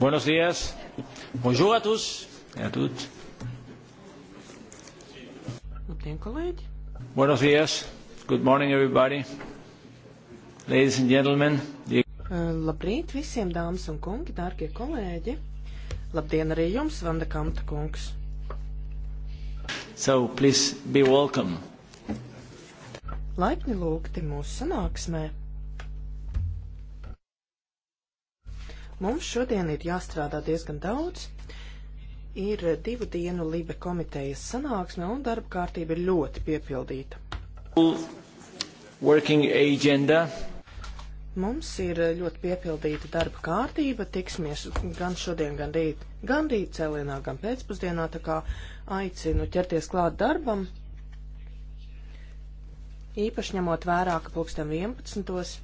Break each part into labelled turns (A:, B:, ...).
A: Buenos días. Bonjour à tous et à toutes.
B: Labdien, kolēģi.
A: Buenos días. Good morning, everybody. Ladies and gentlemen. Dear...
B: Uh, labrīt visiem dāmas un kungi, dārgie kolēģi. Labdien arī jums, Vanda Kamta kungs.
A: So, please be welcome.
B: Laipni lūgti mūsu sanāksmē. Mums šodien ir jāstrādā diezgan daudz. Ir divu dienu Libe komitejas sanāksme un darba kārtība ir ļoti piepildīta. Mums ir ļoti piepildīta darba kārtība, tiksimies gan šodien, gan rīt, gan rīt cēlienā, gan pēcpusdienā, tā kā aicinu ķerties klāt darbam, īpaši ņemot vērā, ka pulksten 11.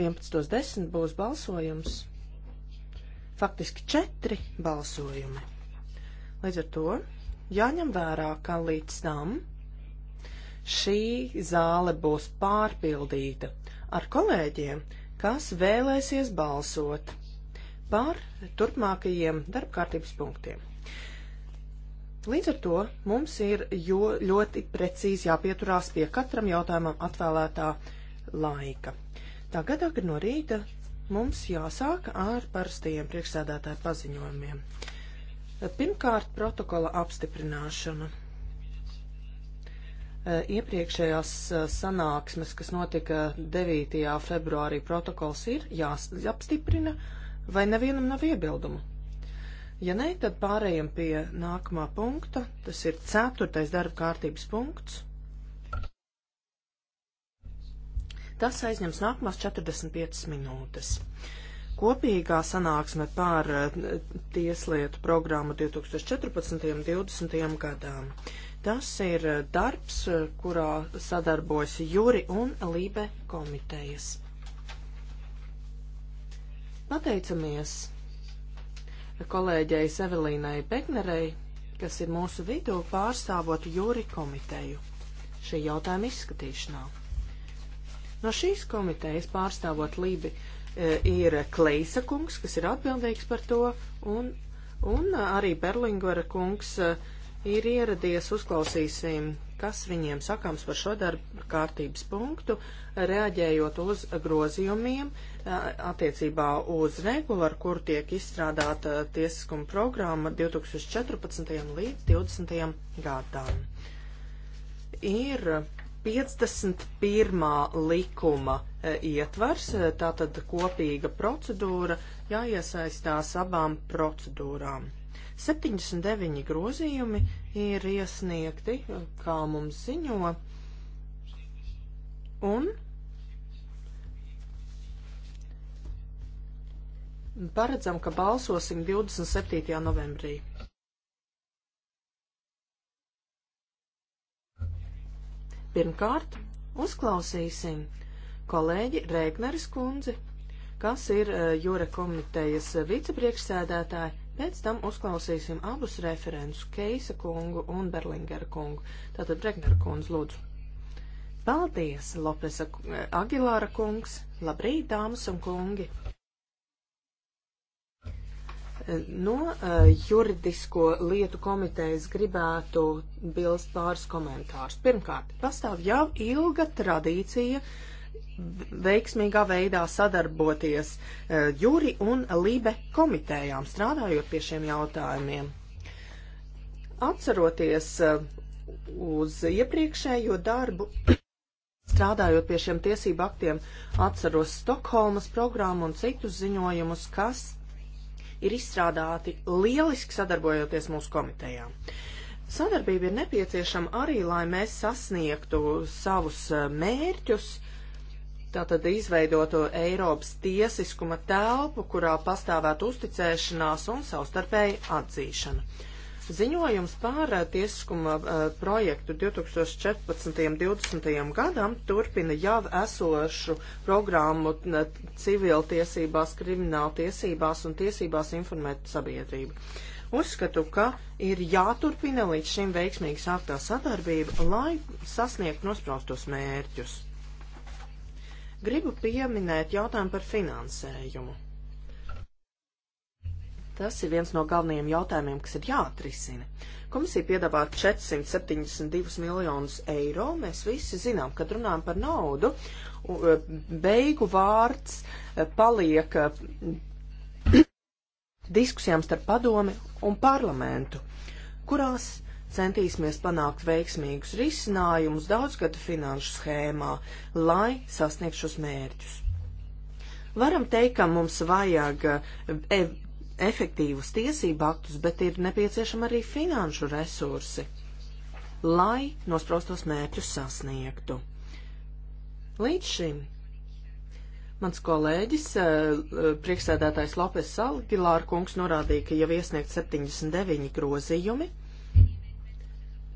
B: 11.10 būs balsojums. Faktiski četri balsojumi. Līdz ar to jāņem vērā, ka līdz tam šī zāle būs pārpildīta ar kolēģiem, kas vēlēsies balsot par turpmākajiem darbkārtības punktiem. Līdz ar to mums ir jo, ļoti precīzi jāpieturās pie katram jautājumam atvēlētā laika. Tagad agri no rīta mums jāsāk ar parastajiem priekšsēdētāju paziņojumiem. Pirmkārt, protokola apstiprināšana. E, iepriekšējās e, sanāksmes, kas notika 9. februārī, protokols ir jāapstiprina, vai nevienam nav iebildumu? Ja nē, tad pārējiem pie nākamā punkta, tas ir ceturtais darba kārtības punkts. Tas aizņems nākamās 45 minūtes. Kopīgā sanāksme par eh, tieslietu programmu 2014. un 2020. gadām. Tas ir eh, darbs, eh, kurā sadarbojas Juri un Lībe komitejas. Pateicamies kolēģei Sevelīnai Peknerei, kas ir mūsu vidū pārstāvot Jūri komiteju šī jautājuma izskatīšanā. No šīs komitejas pārstāvot Lībi e, ir Kleisa kungs, kas ir atbildīgs par to, un, un arī Berlingvera kungs e, ir ieradies, uzklausīsim, kas viņiem sakāms par šo darbu kārtības punktu, reaģējot uz grozījumiem e, attiecībā uz regulu, ar kur tiek izstrādāta tiesiskuma programma 2014. līdz 2020. gadām. Ir 51. likuma e, ietvars, e, tātad kopīga procedūra, jāiesaistās abām procedūrām. 79 grozījumi ir iesniegti, e, kā mums ziņo, un paredzam, ka balsosim 27. novembrī. Pirmkārt, uzklausīsim kolēģi Rēgneres kundzi, kas ir eh, Jūra komitejas vicepriekšsēdētāja. Pēc tam uzklausīsim abus referentus, Keisa kungu un Berlingera kungu. Tātad Regnera kundz, lūdzu. Paldies, Lopesa eh, Agilāra kungs. Labrīt, dāmas un kungi. No eh, juridisko lietu komitejas gribētu bilst pāris komentārus. Pirmkārt, pastāv jau ilga tradīcija veiksmīgā veidā sadarboties eh, juri un libe komitējām, strādājot pie šiem jautājumiem. Atceroties eh, uz iepriekšējo darbu, strādājot pie šiem tiesību aktiem, atceros Stokholmas programmu un citus ziņojumus, kas ir izstrādāti lieliski sadarbojoties mūsu komitejām. Sadarbība ir nepieciešama arī, lai mēs sasniegtu savus e, mērķus, tātad izveidotu Eiropas tiesiskuma telpu, kurā pastāvētu uzticēšanās un savstarpēja atzīšana. Ziņojums pār eh, tiesiskuma eh, projektu 2014-2020 gadam turpina jau esošu programmu eh, civiltiesībās, krimināltiesībās un tiesībās informēt sabiedrību. Uzskatu, ka ir jāturpina līdz šim veiksmīgi sāktā sadarbība, lai sasniegtu nospraustos mērķus. Gribu pieminēt jautājumu par finansējumu. Tas ir viens no galvenajiem jautājumiem, kas ir jāatrisina. Komisija piedāvā 472 miljonus eiro. Mēs visi zinām, kad runājam par naudu, e, beigu vārds e, paliek e, diskusijām starp padomi un parlamentu, kurās centīsimies panākt veiksmīgus risinājumus daudzgadu finanšu schēmā, lai sasniegtu šos mērķus varam teikt, ka mums vajag efektīvus tiesību aktus, bet ir nepieciešama arī finanšu resursi, lai nosprostos mērķus sasniegtu. Līdz šim mans kolēģis, eh, eh, priekšsēdētājs Lopes Salgilāra kungs norādīja, ka jau iesniegt 79 grozījumi.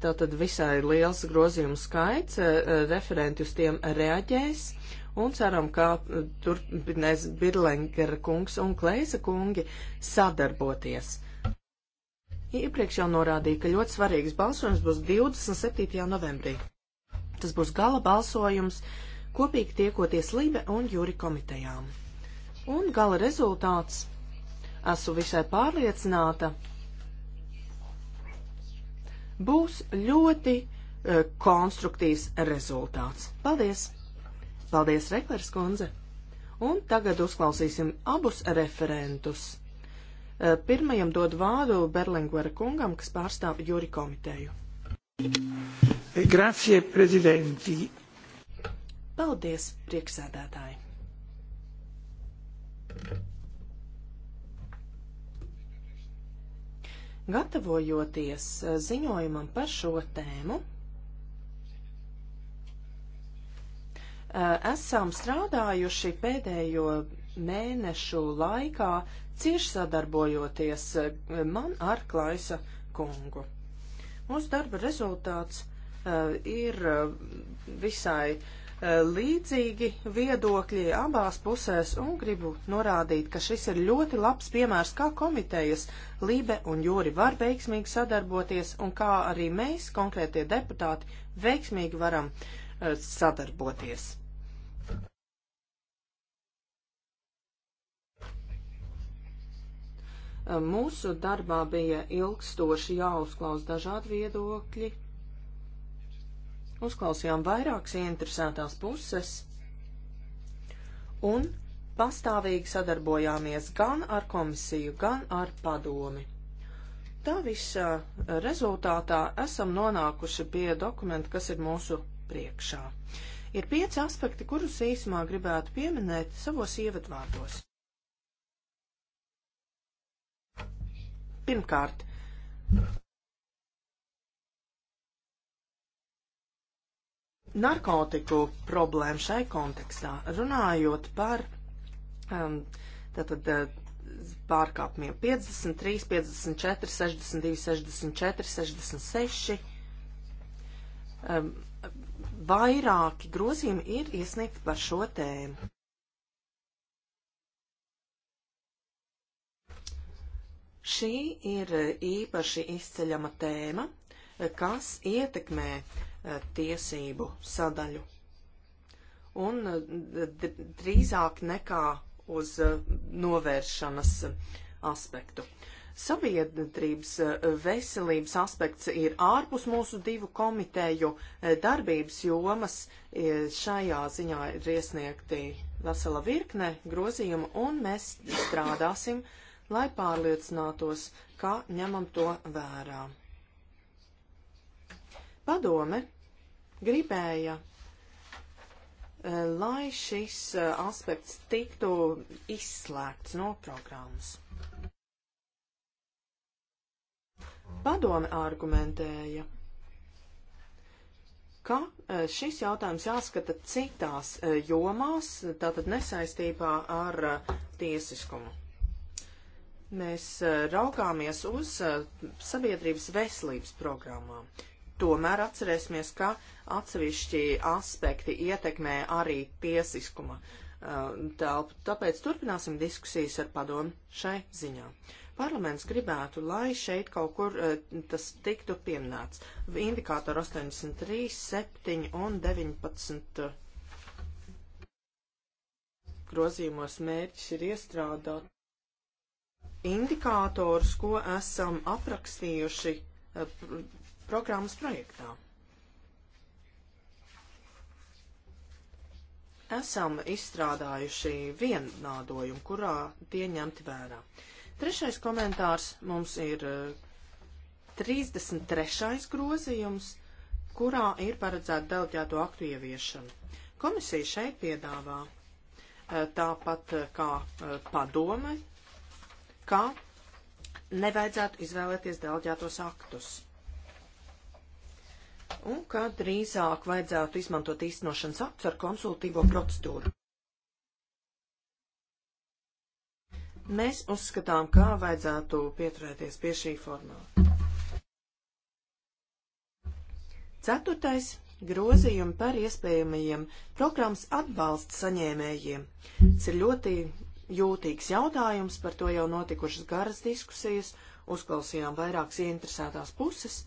B: Tātad visai liels grozījumu skaits, eh, referenti uz tiem reaģēs, un ceram, ka uh, turpinās Birlengera kungs un Kleisa kungi sadarboties. Iepriekš jau norādīja, ka ļoti svarīgs balsojums būs 27. novembrī. Tas būs gala balsojums, kopīgi tiekoties Libe un Jūri komitejām. Un gala rezultāts, esmu visai pārliecināta, būs ļoti uh, konstruktīvs rezultāts. Paldies! Paldies, Reklers kundze! Un tagad uzklausīsim abus referentus. Eh, pirmajam dod vārdu Berlingvera kungam, kas pārstāv jūri komiteju.
A: Grazie, prezidenti!
B: Paldies, prieksēdētāji! Gatavojoties eh, ziņojumam par šo tēmu, esam strādājuši pēdējo mēnešu laikā cieši sadarbojoties man ar Klaisa kungu. Mūsu darba rezultāts ir visai līdzīgi viedokļi abās pusēs un gribu norādīt, ka šis ir ļoti labs piemērs, kā komitejas Lībe un Jūri var veiksmīgi sadarboties un kā arī mēs, konkrētie deputāti, veiksmīgi varam sadarboties. Mūsu darbā bija ilgstoši jāuzklaus dažādi viedokļi. Uzklausījām vairākas ieinteresētās puses un pastāvīgi sadarbojāmies gan ar komisiju, gan ar padomi. Tā visa rezultātā esam nonākuši pie dokumenta, kas ir mūsu priekšā. Ir pieci aspekti, kurus īsumā gribētu pieminēt savos ievadvārdos. Pirmkārt, narkotiku problēma šai kontekstā, runājot par um, tātad, uh, pārkāpumiem 53, 54, 62, 64, 66. Um, vairāki grozījumi ir iesniegti par šo tēmu. Šī ir īpaši izceļama tēma, kas ietekmē eh, tiesību sadaļu. Un eh, drīzāk nekā uz eh, novēršanas aspektu. Sabiedrības veselības aspekts ir ārpus mūsu divu komiteju darbības jomas. Šajā ziņā ir iesniegti vesela virkne grozījumu, un mēs strādāsim lai pārliecinātos, ka ņemam to vērā. Padome gribēja, eh, lai šis eh, aspekts tiktu izslēgts no programmas. Padome argumentēja, ka eh, šis jautājums jāskata citās jomās, tātad nesaistībā ar tiesiskumu. Mēs eh, raugāmies uz eh, sabiedrības veselības programmām. Tomēr atcerēsimies, ka atsevišķi aspekti ietekmē arī tiesiskuma eh, telpu, tāpēc turpināsim diskusijas ar padomu šai ziņā. Parlaments gribētu, lai šeit kaut kur tas tiktu pieminēts. Indikātori 83, 7 un 19 grozījumos mērķis ir iestrādāt indikātorus, ko esam aprakstījuši eh, programmas projektā. Esam izstrādājuši vienādojumu, kurā tie ņemti vērā. Trešais komentārs mums ir 33. Eh, grozījums, kurā ir paredzēta delģēto aktu ieviešana. Komisija šeit piedāvā eh, tāpat kā padome ka nevajadzētu izvēlēties delģētos aktus. Un ka drīzāk vajadzētu izmantot īstenošanas aktus ar konsultīvo procedūru. Mēs uzskatām, kā vajadzētu pieturēties pie šī formāla. Ceturtais grozījumi par iespējamajiem programmas atbalsta saņēmējiem. Tas ir ļoti jūtīgs jautājums, par to jau notikušas garas diskusijas, uzklausījām vairākas ieinteresētās puses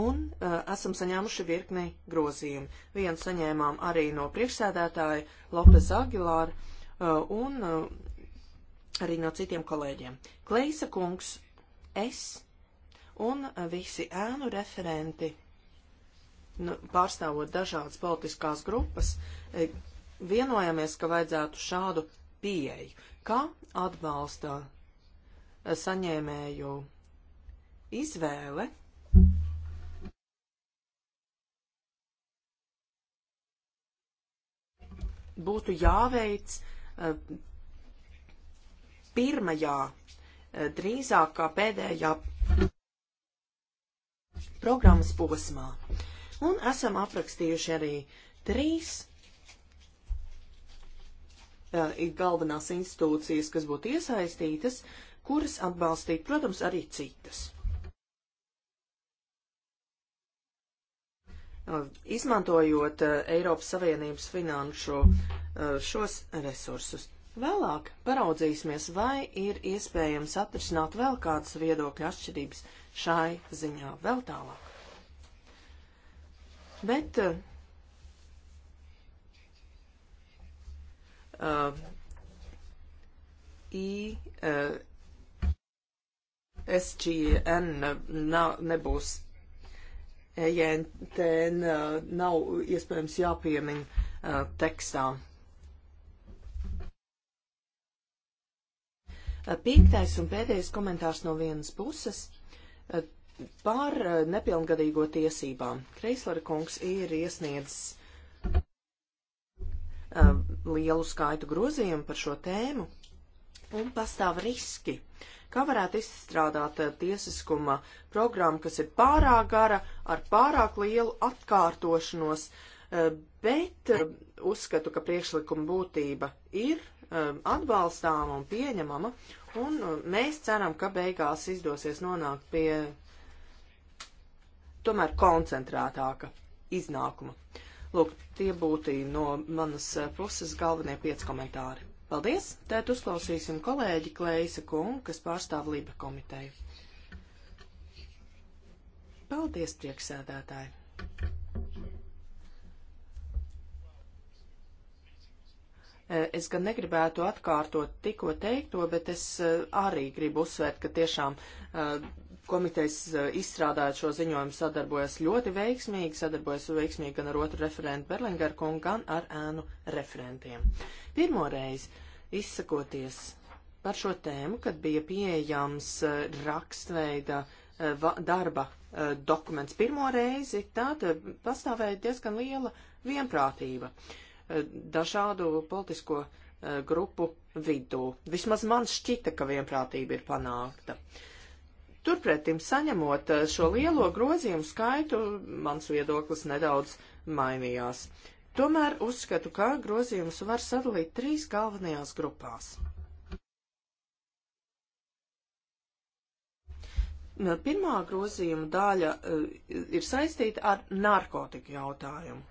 B: un uh, esam saņēmuši virkni grozījumu. Vienu saņēmām arī no priekšsēdētāja Lopes Agilāra uh, un uh, arī no citiem kolēģiem. Kleisa kungs, es un uh, visi ēnu referenti, nu, pārstāvot dažādas politiskās grupas, uh, vienojamies, ka vajadzētu šādu pieeju, kā atbalsta saņēmēju izvēle. Būtu jāveic eh, pirmajā, eh, drīzāk kā pēdējā programmas posmā. Un esam aprakstījuši arī trīs Uh, ir galvenās institūcijas, kas būtu iesaistītas, kuras atbalstīt, protams, arī citas. Uh, izmantojot uh, Eiropas Savienības finanšu šos resursus. Vēlāk paraudzīsimies, vai ir iespējams atrisināt vēl kādas viedokļa atšķirības šai ziņā vēl tālāk. Bet I SGN nebūs EJTN nav iespējams jāpiemin tekstā. Piektais un pēdējais komentārs no vienas puses par nepilngadīgo tiesībām. Kreislera kungs ir iesniedzis lielu skaitu grozījumu par šo tēmu, un pastāv riski, kā varētu izstrādāt eh, tiesiskuma programmu, kas ir pārāk gara, ar pārāk lielu atkārtošanos, eh, bet eh, uzskatu, ka priekšlikuma būtība ir atbalstāma un pieņemama, un mēs ceram, ka beigās izdosies nonākt pie tomēr koncentrētāka iznākuma. Lūk, tie būtu no manas eh, puses galvenie pieci komentāri. Paldies! Tēt uzklausīsim kolēģi Kleisa Kungu, kas pārstāv Lība komiteju. Paldies, prieksēdētāji! Eh, es gan negribētu atkārtot tikko teikto, bet es eh, arī gribu uzsvērt, ka tiešām komitejas eh, izstrādājot šo ziņojumu sadarbojas ļoti veiksmīgi, sadarbojas veiksmīgi gan ar otru referentu Berlingeru kungu, gan ar ēnu referentiem. Pirmoreiz izsakoties par šo tēmu, kad bija pieejams eh, rakstveida eh, darba dokuments pirmo reizi, tad pastāvēja diezgan liela vienprātība dažādu politisko grupu vidū. Vismaz man šķita, ka vienprātība ir panākta. Uh, Turpretim saņemot eh, šo lielo grozījumu skaitu, mans viedoklis nedaudz mainījās. Tomēr uzskatu, ka grozījumus var sadalīt trīs galvenajās grupās. Pirmā grozījuma daļa eh, ir saistīta ar narkotiku jautājumu.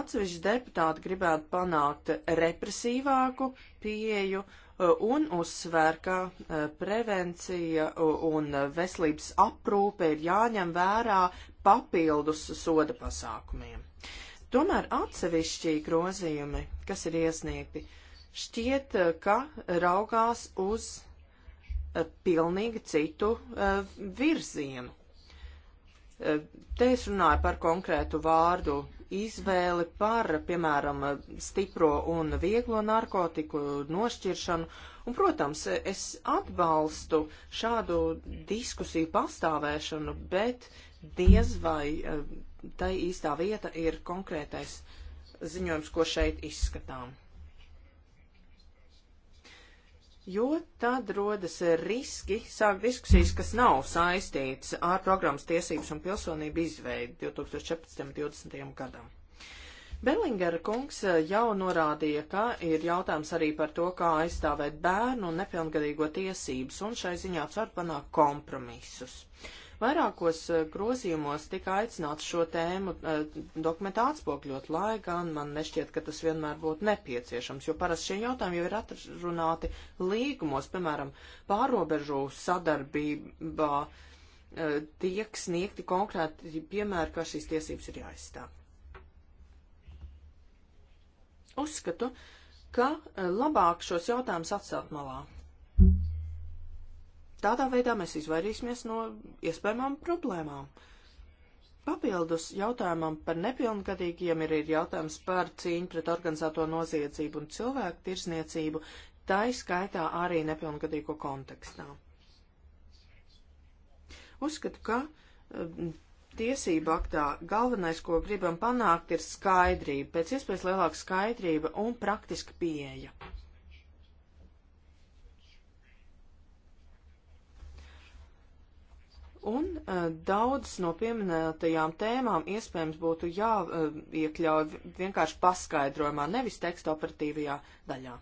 B: Atsevišķi deputāti gribētu panākt represīvāku pieeju un uzsver, ka e, prevencija un veselības aprūpe ir jāņem vērā papildus soda pasākumiem. Tomēr atsevišķī grozījumi, kas ir iesniegti, šķiet, ka raugās uz e, pilnīgi citu e, virzienu Te es runāju par konkrētu vārdu izvēli, par, piemēram, stipro un vieglo narkotiku nošķiršanu. Un, protams, es atbalstu šādu diskusiju pastāvēšanu, bet diez vai eh, tai īstā vieta ir konkrētais ziņojums, ko šeit izskatām jo tad rodas riski sākt diskusijas, kas nav saistīts ar programmas tiesības un pilsonību izveidi 2014. un 2020. gadam. Bellingera kungs eh, jau norādīja, ka ir jautājums arī par to, kā aizstāvēt bērnu un nepilngadīgo tiesības, un šai ziņā cer panākt kompromisus. Uh, Vairākos eh, grozījumos tika aicināts šo tēmu eh, dokumentā atspokļot, lai gan man nešķiet, ka tas vienmēr būtu nepieciešams, jo parasti šie jautājumi jau ir atrunāti līgumos, piemēram, pārobežu sadarbībā eh, tiek sniegti konkrēti piemēri, kā šīs tiesības ir jāizstāv. Uzskatu, ka labāk šos jautājumus atstāt malā. Tādā veidā mēs izvairīsimies no iespējamām problēmām. Papildus jautājumam par nepilngadīgiem ir, ir jautājums par cīņu pret organizēto noziedzību un cilvēku tirsniecību, tā izskaitā arī nepilngadīgo kontekstā. Uzskatu, ka um, tiesību aktā galvenais, ko gribam panākt, ir skaidrība, pēc iespējas lielāka skaidrība un praktiska pieeja. Un uh, eh, daudzas no pieminētajām tēmām iespējams būtu jāiekļauj uh, vienkārši paskaidrojumā, nevis teksta operatīvajā daļā.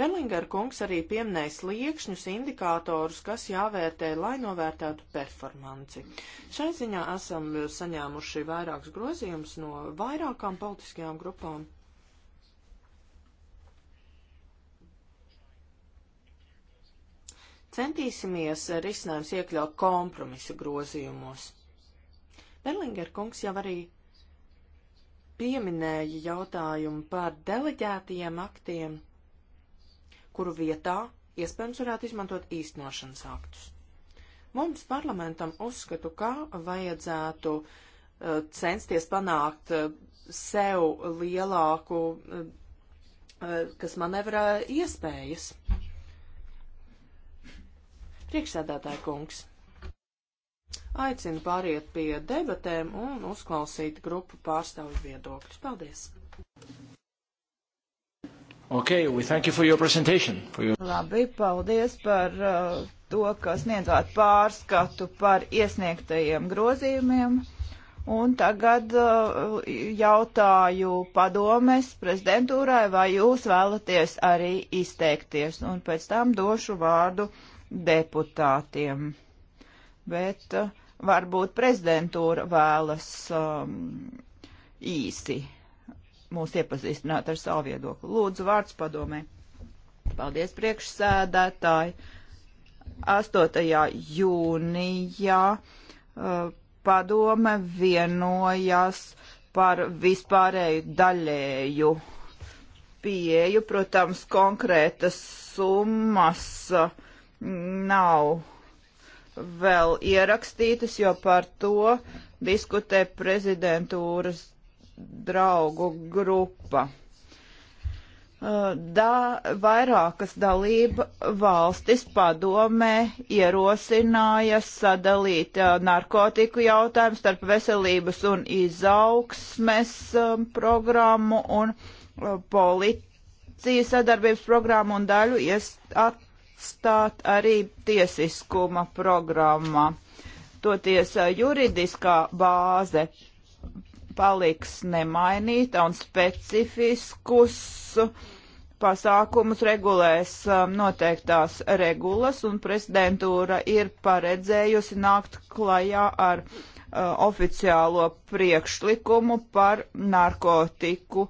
B: Berlingera kungs arī pieminēja sliekšņus, indikātorus, kas jāvērtē, lai novērtētu performanci. Šai ziņā esam saņēmuši vairākus grozījumus no vairākām politiskajām grupām. Centīsimies eh, risinājums iekļaut kompromisu grozījumos. Berlinger kungs jau arī pieminēja jautājumu par deleģētajiem aktiem, kuru vietā iespējams varētu izmantot īstenošanas aktus. Mums parlamentam uzskatu, ka vajadzētu uh, censties panākt uh, sev lielāku, uh, kas manevrē iespējas. Priekšsēdētāja kungs. Aicinu pāriet pie debatēm un uzklausīt grupu pārstāvju viedokļus. Paldies!
C: Okay, we thank you for your presentation. For your... Labi, paldies par uh, to, ka sniedzāt pārskatu par iesniegtajiem grozījumiem. Un tagad uh, jautāju padomes prezidentūrai, vai jūs vēlaties arī izteikties, un pēc tam došu vārdu deputātiem. Bet uh, varbūt prezidentūra vēlas um, īsi mūs iepazīstināt ar savu viedokli. Lūdzu, vārds padomē. Paldies, priekšsēdētāji. 8. jūnijā uh, padome vienojās par vispārēju daļēju pieeju, protams, konkrētas summas uh, nav vēl ierakstītas, jo par to diskutē prezidentūras draugu grupa. Uh, da, vairākas dalība valstis padomē ierosināja sadalīt uh, narkotiku jautājumu starp veselības un izaugsmes um, programmu un uh, policijas sadarbības programmu un daļu iest, at, stāt arī tiesiskuma programmā. Toties juridiskā bāze paliks nemainīta un specifiskus pasākumus regulēs noteiktās regulas, un prezidentūra ir paredzējusi nākt klajā ar uh, oficiālo priekšlikumu par narkotiku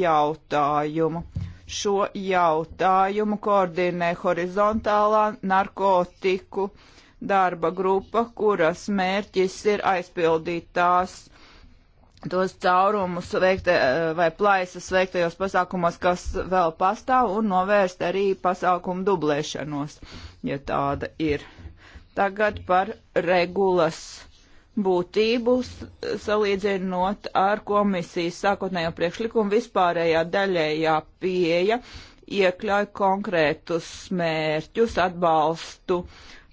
C: jautājumu šo jautājumu koordinē horizontālā narkotiku darba grupa, kuras mērķis ir aizpildīt tās tos caurumus veikta, eh, vai plaisas veiktajos pasākumos, kas vēl pastāv, un novērst arī pasākumu dublēšanos, ja tāda ir. Tagad par regulas būtību salīdzinot ar komisijas sākotnējo priekšlikumu vispārējā daļējā pieeja iekļauj konkrētus mērķus atbalstu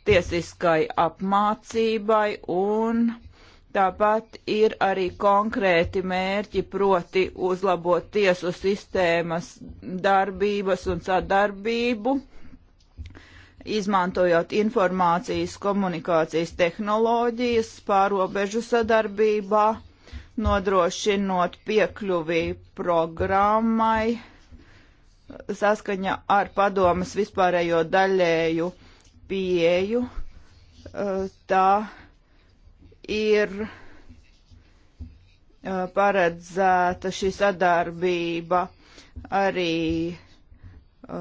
C: tiesiskai apmācībai un tāpat ir arī konkrēti mērķi proti uzlabot tiesu sistēmas darbības un sadarbību izmantojot informācijas komunikācijas tehnoloģijas pārobežu sadarbībā, nodrošinot piekļuvi programmai saskaņa ar padomas vispārējo daļēju pieeju. Eh, tā ir eh, paredzēta šī sadarbība arī eh,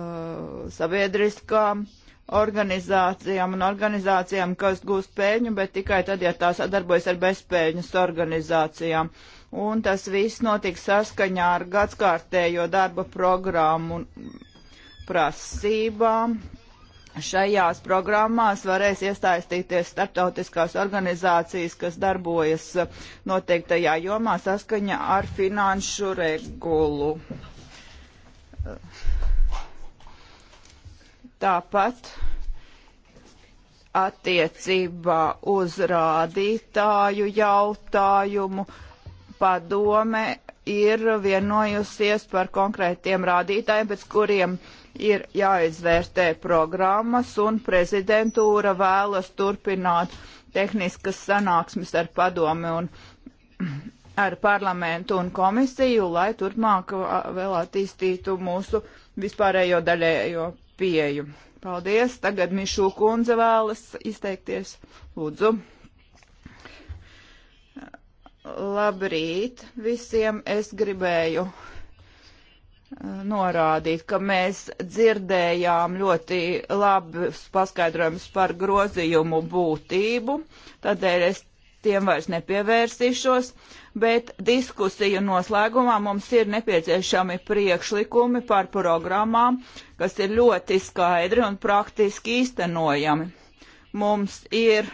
C: sabiedriskām uh, organizācijām un organizācijām, kas gūst pēļņu, bet tikai tad, ja tās darbojas ar bezpēļņas organizācijām. Un tas viss notiks saskaņā ar gadskārtējo darba programmu prasībām. Šajās programmās varēs iesaistīties starptautiskās organizācijas, kas darbojas noteiktajā jomā saskaņā ar finanšu regulu. Uh Tāpat attiecībā uz rādītāju jautājumu padome ir vienojusies par konkrētiem rādītājiem, pēc kuriem ir jāizvērtē programmas, un prezidentūra vēlas turpināt tehniskas sanāksmes ar padomi un ar parlamentu un komisiju, lai turpmāk vēl attīstītu mūsu vispārējo daļējo pieju. Paldies. Tagad Mišu kundze vēlas izteikties. Lūdzu. Labrīt visiem. Es gribēju eh, norādīt, ka mēs dzirdējām ļoti labus paskaidrojumus par grozījumu būtību. Tādēļ es tiem vairs nepievērsīšos, bet diskusiju noslēgumā mums ir nepieciešami priekšlikumi par programmām, kas ir ļoti skaidri un praktiski īstenojami. Mums ir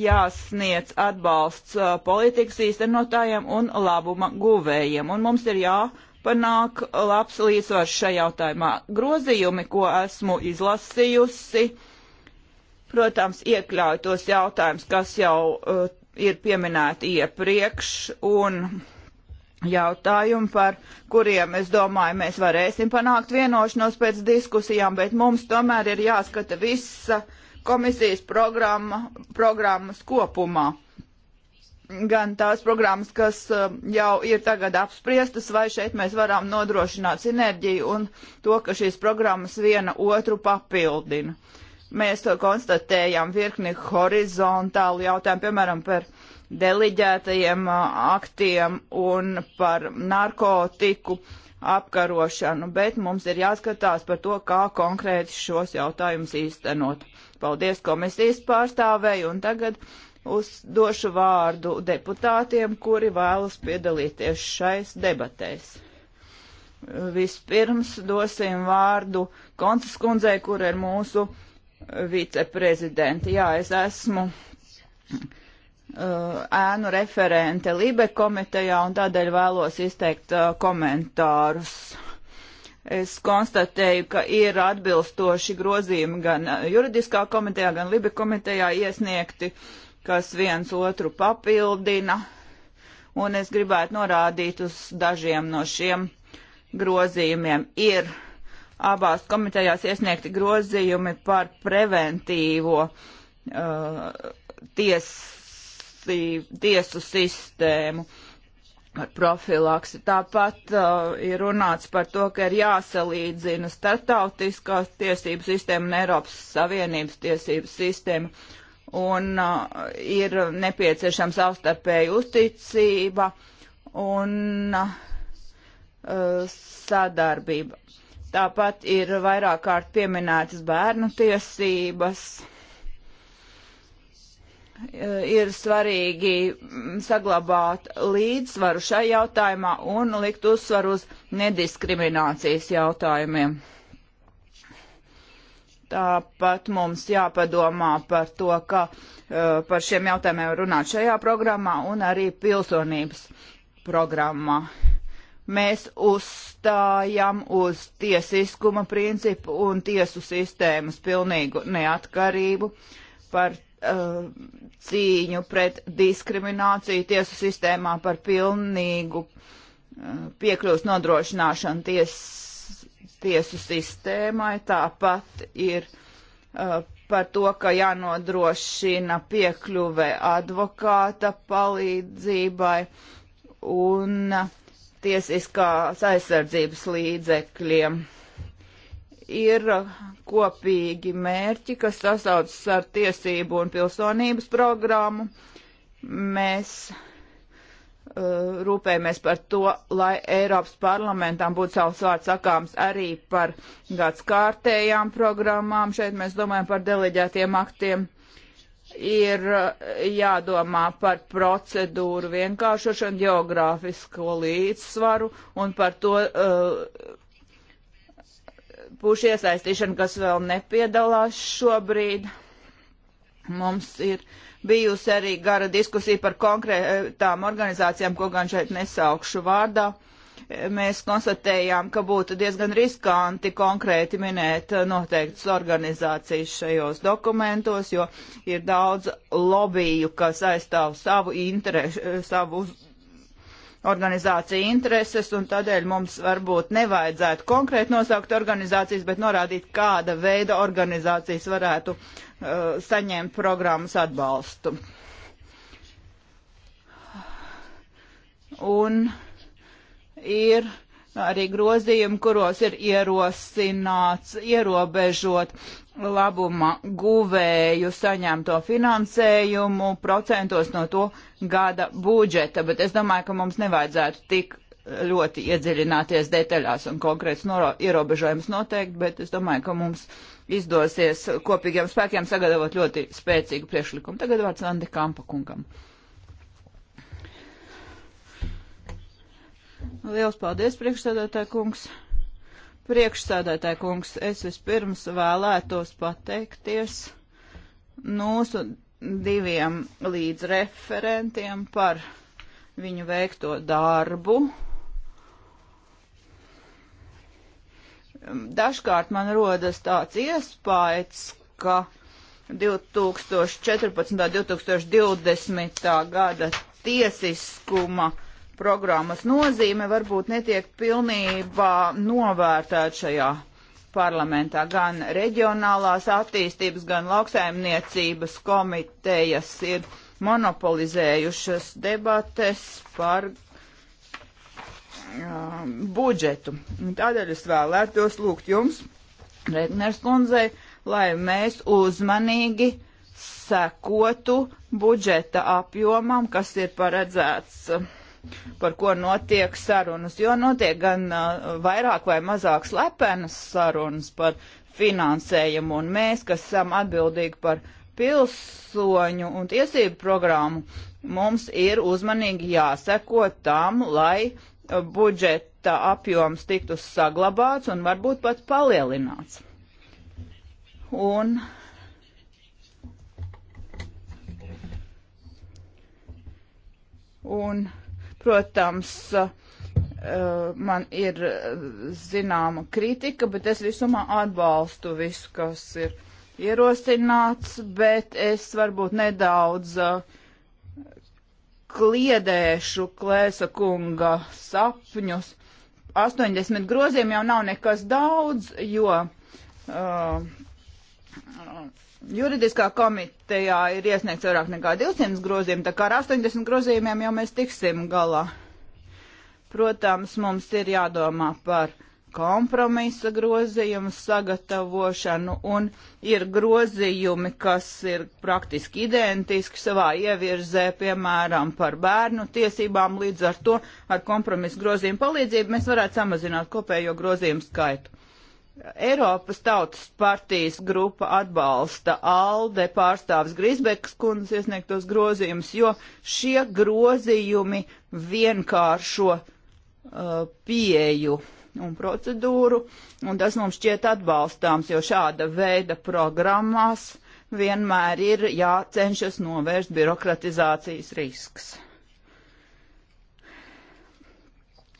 C: jāsniedz atbalsts uh, politikas īstenotājiem un labuma guvējiem, un mums ir jāpanāk labs līdzsvars šajā jautājumā. Grozījumi, ko esmu izlasījusi, uh, Protams, iekļauj tos jautājumus, kas jau uh, ir pieminēti iepriekš, un jautājumi, par kuriem, es domāju, mēs varēsim panākt vienošanos pēc diskusijām, bet mums tomēr ir jāskata visa komisijas programma, programmas kopumā. Gan tās programmas, kas uh, jau ir tagad apspriestas, vai šeit mēs varam nodrošināt sinerģiju un to, ka šīs programmas viena otru papildina. Uh, Mēs to konstatējam virkni horizontālu jautājumu, piemēram, par deliģētajiem uh, aktiem un par narkotiku apkarošanu, bet mums ir jāskatās par to, kā konkrēti šos jautājumus īstenot. Paldies komisijas pārstāvēju un tagad uzdošu vārdu deputātiem, kuri vēlas piedalīties šais debatēs. Vispirms dosim vārdu Kontas kundzei, kur ir mūsu viceprezidenti. Jā, es esmu uh, ēnu referente Libe komitejā un tādēļ vēlos izteikt uh, komentārus. Es konstatēju, ka ir atbilstoši grozījumi gan uh, juridiskā komitejā, gan Libe komitejā iesniegti, kas viens otru papildina, un es gribētu norādīt uz dažiem no šiem grozījumiem. Ir abās komitejās iesniegti grozījumi par preventīvo uh, tiesi, tiesu sistēmu ar profilaksi. Tāpat uh, ir runāts par to, ka ir jāsalīdzina startautiskās tiesību sistēma un Eiropas Savienības tiesību sistēma. Un uh, ir nepieciešama savstarpēja uzticība un uh, sadarbība. Uh, Tāpat ir vairāk kārt pieminētas bērnu tiesības. E, ir svarīgi mm, saglabāt līdzsvaru šai jautājumā un likt uzsvaru uz nediskriminācijas jautājumiem. Tāpat mums jāpadomā par to, ka e, par šiem jautājumiem runāt šajā programmā un arī pilsonības programmā mēs uzstājam uz tiesiskuma principu un tiesu sistēmas pilnīgu neatkarību par uh, cīņu pret diskrimināciju tiesu sistēmā par pilnīgu uh, piekļūst nodrošināšanu ties, tiesu sistēmai. Tāpat ir uh, par to, ka jānodrošina piekļuve advokāta palīdzībai un uh, tiesiskās aizsardzības līdzekļiem. Ir kopīgi mērķi, kas sasaucas ar tiesību un pilsonības programmu. Mēs uh, rūpējamies par to, lai Eiropas parlamentam būtu savs vārds sakāms arī par gads kārtējām programmām. Šeit mēs domājam par deleģētiem aktiem. Uh, ir eh, jādomā par procedūru vienkāršošanu, geogrāfisko līdzsvaru un par to uh, pušu iesaistīšanu, kas vēl nepiedalās šobrīd. Mums ir bijusi arī gara diskusija par konkrētām organizācijām, ko gan šeit nesaukšu vārdā. Uh, mēs konstatējām, ka būtu diezgan riskanti konkrēti minēt noteiktas organizācijas šajos dokumentos, jo ir daudz lobiju, kas aizstāv savu interesu, savu organizāciju intereses, un tādēļ mums varbūt nevajadzētu konkrēti nosaukt organizācijas, bet norādīt, kāda veida organizācijas varētu uh, saņemt programmas atbalstu. Un uh, ir arī grozījumi, kuros ir ierosināts ierobežot labuma guvēju saņemto finansējumu procentos no to gada budžeta, bet es domāju, ka mums nevajadzētu tik ļoti iedziļināties detaļās un konkrēts noro, ierobežojums noteikti, bet es domāju, ka mums izdosies kopīgiem spēkiem sagatavot ļoti spēcīgu priekšlikumu. Tagad vārds Andi Kampa kungam. Uh, Liels paldies, priekšsēdētāji kungs. Priekšsēdētāji kungs, es vispirms vēlētos pateikties mūsu diviem līdzreferentiem par viņu veikto darbu. Dažkārt man rodas tāds iespējas, ka 2014. un 2020. gada tiesiskuma programmas nozīme varbūt netiek pilnībā novērtēta šajā parlamentā. Gan reģionālās attīstības, gan lauksaimniecības komitejas ir monopolizējušas debates par uh, budžetu. Tādēļ es vēlētos lūgt jums, Retners kundzei, lai mēs uzmanīgi sekotu budžeta apjomam, kas ir paredzēts uh, par ko notiek sarunas, jo notiek gan uh, vairāk vai mazāk slepenas sarunas par finansējumu, un mēs, kas esam atbildīgi par pilsoņu un tiesību programmu, mums ir uzmanīgi jāseko tam, lai uh, budžeta apjoms tiktu saglabāts un varbūt pat palielināts. Un Un Protams, eh, man ir eh, zināma kritika, bet es visumā atbalstu visu, kas ir ierosināts, bet es varbūt nedaudz eh, kliedēšu Klēsa kunga sapņus. 80 groziem jau nav nekas daudz, jo uh, Juridiskā komitejā ir iesniegts vairāk nekā 200 grozījumu, tā kā ar 80 grozījumiem jau mēs tiksim galā. Protams, mums ir jādomā par kompromisa grozījumu sagatavošanu, un ir grozījumi, kas ir praktiski identiski savā ievirzē, piemēram, par bērnu tiesībām. Līdz ar to ar kompromisa grozījumu palīdzību mēs varētu samazināt kopējo grozījumu skaitu. Eiropas Tautas partijas grupa atbalsta ALDE pārstāvis Grisbekas kundzes iesniegtos grozījumus, jo šie grozījumi vienkāršo uh, pieeju un procedūru, un tas mums šķiet atbalstāms, jo šāda veida programmās vienmēr ir jācenšas novērst birokratizācijas risks.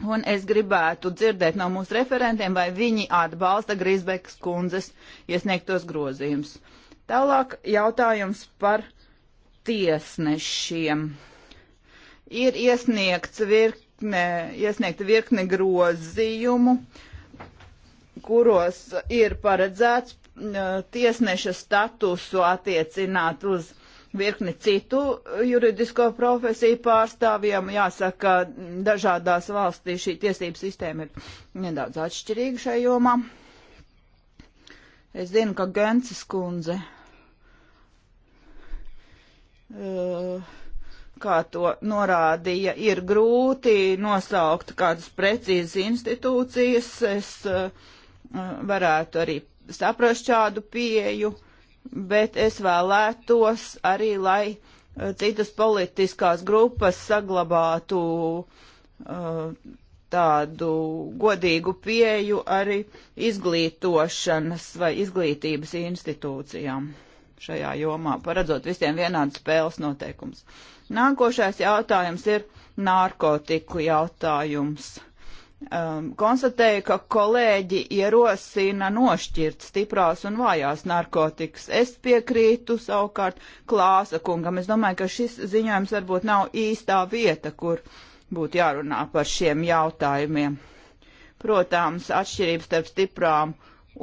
C: Un es gribētu dzirdēt no mūsu referentiem, vai viņi atbalsta Grīsbekas kundzes iesniegtos grozījumus. Tālāk jautājums par tiesnešiem. Ir iesniegts virkne, iesniegta virkne grozījumu, kuros ir paredzēts tiesneša statusu attiecināt uz virkni citu juridisko profesiju pārstāvjiem. Jāsaka, dažādās valstīs šī tiesību sistēma ir nedaudz atšķirīga šajā jomā. Es zinu, ka Gences kundze, eh, kā to norādīja, ir grūti nosaukt kādas precīzas institūcijas. Es eh, varētu arī saprast šādu pieju bet es vēlētos arī, lai eh, citas politiskās grupas saglabātu uh, tādu godīgu pieju arī izglītošanas vai izglītības institūcijām šajā jomā, paredzot visiem vienādas spēles noteikums. Nākošais jautājums ir narkotiku jautājums um, konstatēju, ka kolēģi ierosina nošķirt stiprās un vājās narkotikas. Es piekrītu savukārt Klāsa kungam. Es domāju, ka šis ziņojums varbūt nav īstā vieta, kur būtu jārunā par šiem jautājumiem. Protams, atšķirības starp stiprām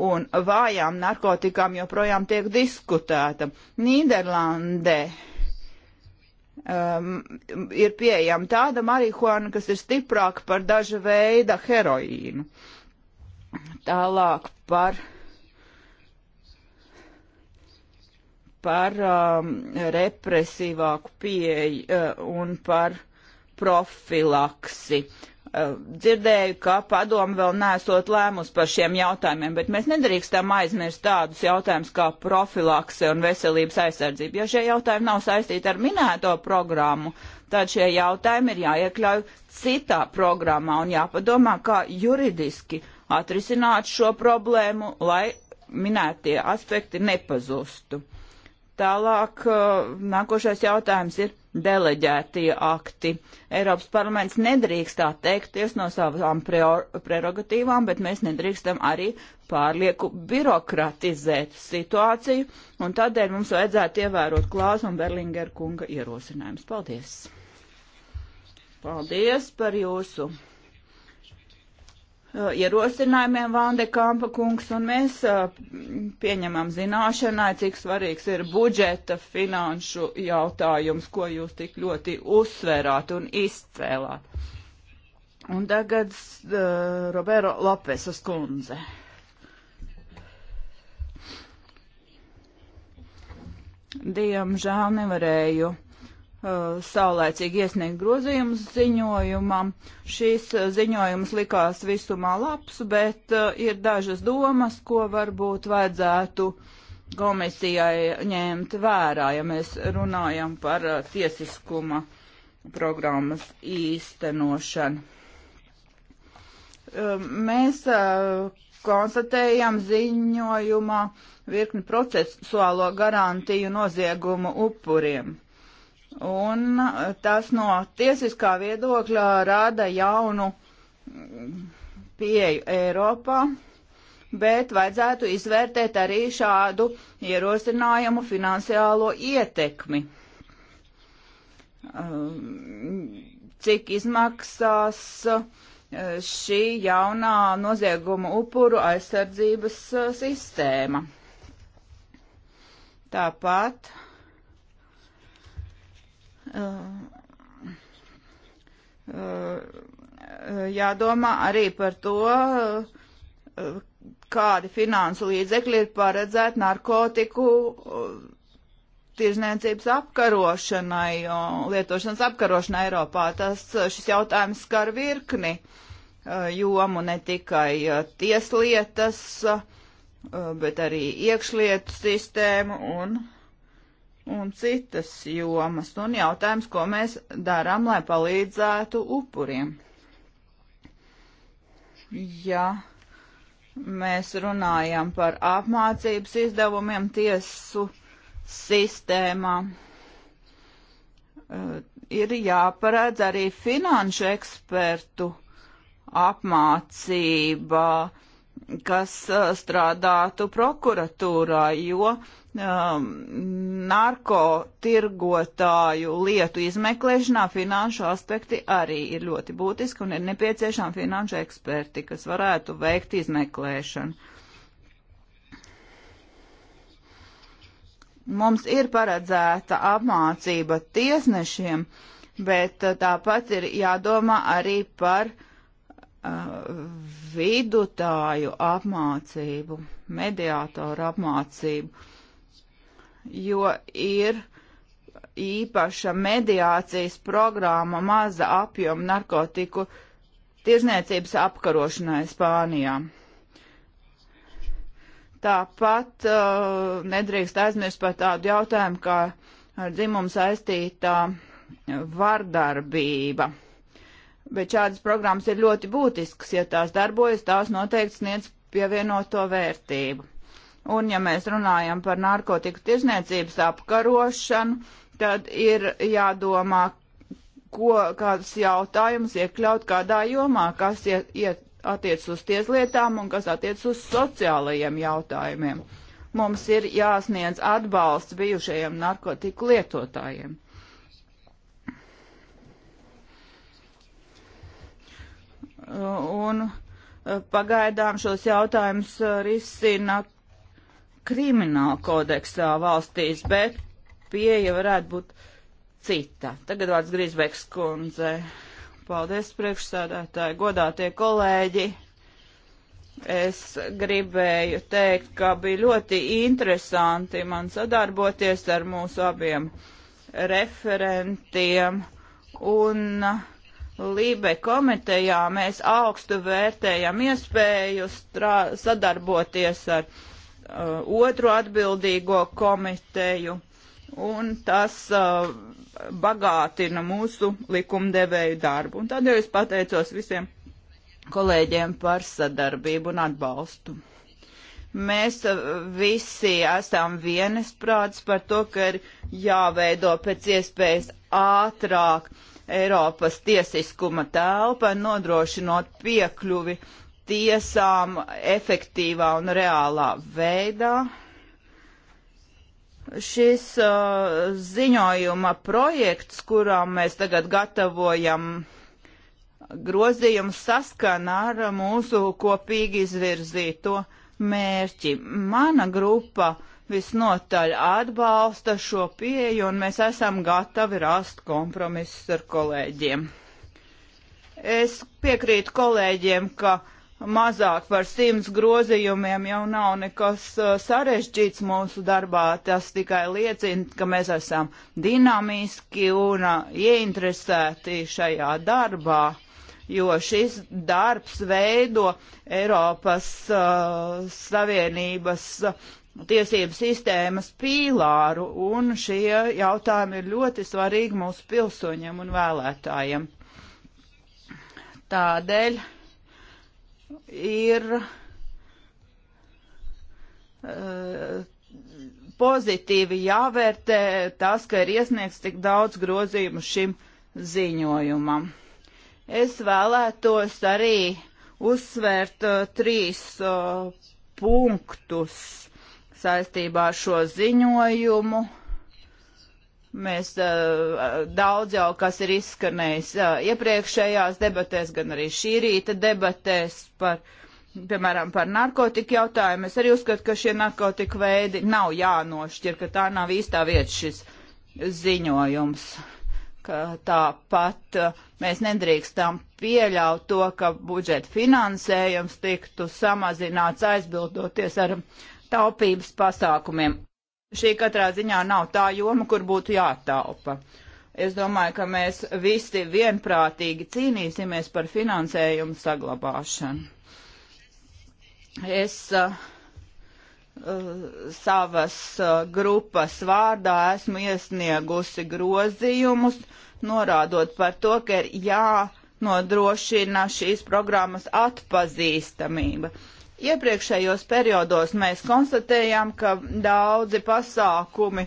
C: un vājām narkotikām joprojām tiek diskutēta. Nīderlandē um, ir pieejama tāda marihuana, kas ir stiprāka par daža veida heroīnu. Tālāk par, par um, represīvāku pieeju uh, un par profilaksi. Uh, Eh, dzirdēju, ka padomu vēl nesot lēmus par šiem jautājumiem, bet mēs nedrīkstam aizmirst tādus jautājumus kā profilakse un veselības aizsardzība. Ja šie jautājumi nav saistīti ar minēto programmu, tad šie jautājumi ir jāiekļauj citā programmā un jāpadomā, kā juridiski atrisināt šo problēmu, lai minētie aspekti nepazustu. Tālāk eh, nākošais jautājums ir deleģētie akti. Eiropas parlaments nedrīkst atteikties no savām prerogatīvām, bet mēs nedrīkstam arī pārlieku birokratizēt situāciju, un tādēļ mums vajadzētu ievērot Klāsa un Berlingera kunga ierosinājumus. Paldies! Paldies par jūsu! Uh, ierosinājumiem Vande Kampa kungs, un mēs uh, pieņemam zināšanai, cik svarīgs ir budžeta finanšu jautājums, ko jūs tik ļoti uzsverāt un izcēlāt. Un tagad uh, Robero Lopesas kundze. Diemžēl nevarēju Uh, saulēcīgi iesniegt grozījumus ziņojumam. Šīs uh, ziņojums likās visumā labs, bet uh, ir dažas domas, ko varbūt vajadzētu komisijai ņemt vērā, ja mēs runājam par tiesiskuma programmas īstenošanu. Mēs konstatējam ziņojumā virkni procesuālo garantiju noziegumu upuriem Un tas no tiesiskā viedokļa rada jaunu pieeju Eiropā, bet vajadzētu izvērtēt arī šādu ierosinājumu finansiālo ietekmi. Cik izmaksās uh, šī jaunā nozieguma upuru aizsardzības uh, sistēma? Tāpat Uh, uh, jādomā arī par to, uh, kādi finansu līdzekļi ir paredzēti narkotiku tirzniecības apkarošanai, lietošanas apkarošanai Eiropā. Tas šis jautājums skar virkni jomu ne tikai tieslietas, bet arī iekšlietu sistēmu un un citas jomas, un jautājums, ko mēs darām, lai palīdzētu upuriem. Ja mēs runājam par apmācības izdevumiem tiesu sistēmā, eh, ir jāparedz arī finanšu ekspertu apmācībā kas strādātu prokuratūrā, jo um, narkotirgotāju lietu izmeklēšanā finanšu aspekti arī ir ļoti būtiski un ir nepieciešami finanšu eksperti, kas varētu veikt izmeklēšanu. Mums ir paredzēta apmācība tiesnešiem, bet tāpat ir jādomā arī par uh, Uh, vidutāju apmācību, mediātoru apmācību, jo ir īpaša mediācijas programma maza apjoma narkotiku tirzniecības apkarošanai Spānijā. Tāpat uh, nedrīkst aizmirst par tādu jautājumu, kā ar dzimumu saistītā vardarbība Bet šādas programmas ir ļoti būtiskas, ja tās darbojas, tās noteikti sniedz pievienoto vērtību. Un ja mēs runājam par narkotiku tirzniecības apkarošanu, tad ir jādomā, ko, kādus jautājumus iekļaut kādā jomā, kas iet, iet, attiec uz tieslietām un kas attiec uz sociālajiem jautājumiem. Mums ir jāsniedz atbalsts bijušajiem narkotiku lietotājiem. un eh, pagaidām šos jautājumus eh, risina krimināla kodeksā valstīs, bet pieeja varētu būt cita. Tagad vārds Grīsbeks kundze. Paldies, priekšsēdētāji, godātie kolēģi. Es gribēju teikt, ka bija ļoti interesanti man sadarboties ar mūsu abiem referentiem un uh, Lībe komitejā mēs augstu vērtējam iespēju strā, sadarboties ar uh, otru atbildīgo komiteju, un tas uh, bagātina mūsu likumdevēju darbu. Un tādēļ es pateicos visiem kolēģiem par sadarbību un atbalstu. Mēs uh, visi esam vienisprāts par to, ka ir jāveido pēc iespējas ātrāk uh, Eiropas tiesiskuma telpa, nodrošinot piekļuvi tiesām efektīvā un reālā veidā. Šis uh, ziņojuma projekts, kurām mēs tagad gatavojam grozījums saskana ar mūsu kopīgi izvirzīto mērķi. Mana grupa uh, visnotaļ atbalsta šo pieeju, un mēs esam gatavi rast kompromisus ar kolēģiem. Es piekrītu kolēģiem, ka mazāk par simts grozījumiem jau nav nekas uh, sarežģīts mūsu darbā. Tas tikai liecina, ka mēs esam dinamiski un uh, ieinteresēti šajā darbā, jo šis darbs veido Eiropas uh, Savienības tiesību sistēmas pīlāru, un šie jautājumi ir ļoti svarīgi mūsu pilsoņiem un vēlētājiem. Tādēļ ir uh, pozitīvi jāvērtē tas, ka ir iesniegts tik daudz grozījumu šim ziņojumam. Es vēlētos arī uzsvērt uh, trīs uh, punktus saistībā ar šo ziņojumu. Mēs daudz jau, kas ir izskanējis iepriekšējās debatēs, gan arī šī rīta debatēs par, piemēram, par narkotiku jautājumu. Es arī uzskatu, ka šie narkotiku veidi nav jānošķir, ka tā nav īstā vieta šis ziņojums. Tāpat mēs nedrīkstam pieļaut to, ka budžeta finansējums tiktu samazināts aizbildoties ar uh, taupības pasākumiem. Šī katrā ziņā nav tā joma, kur būtu jātaupa. Es domāju, ka mēs visi vienprātīgi cīnīsimies par finansējumu saglabāšanu. Es uh, uh savas uh, grupas vārdā esmu iesniegusi grozījumus, norādot par to, ka ir jānodrošina šīs programmas atpazīstamība. Uh, Iepriekšējos periodos mēs konstatējām, ka daudzi pasākumi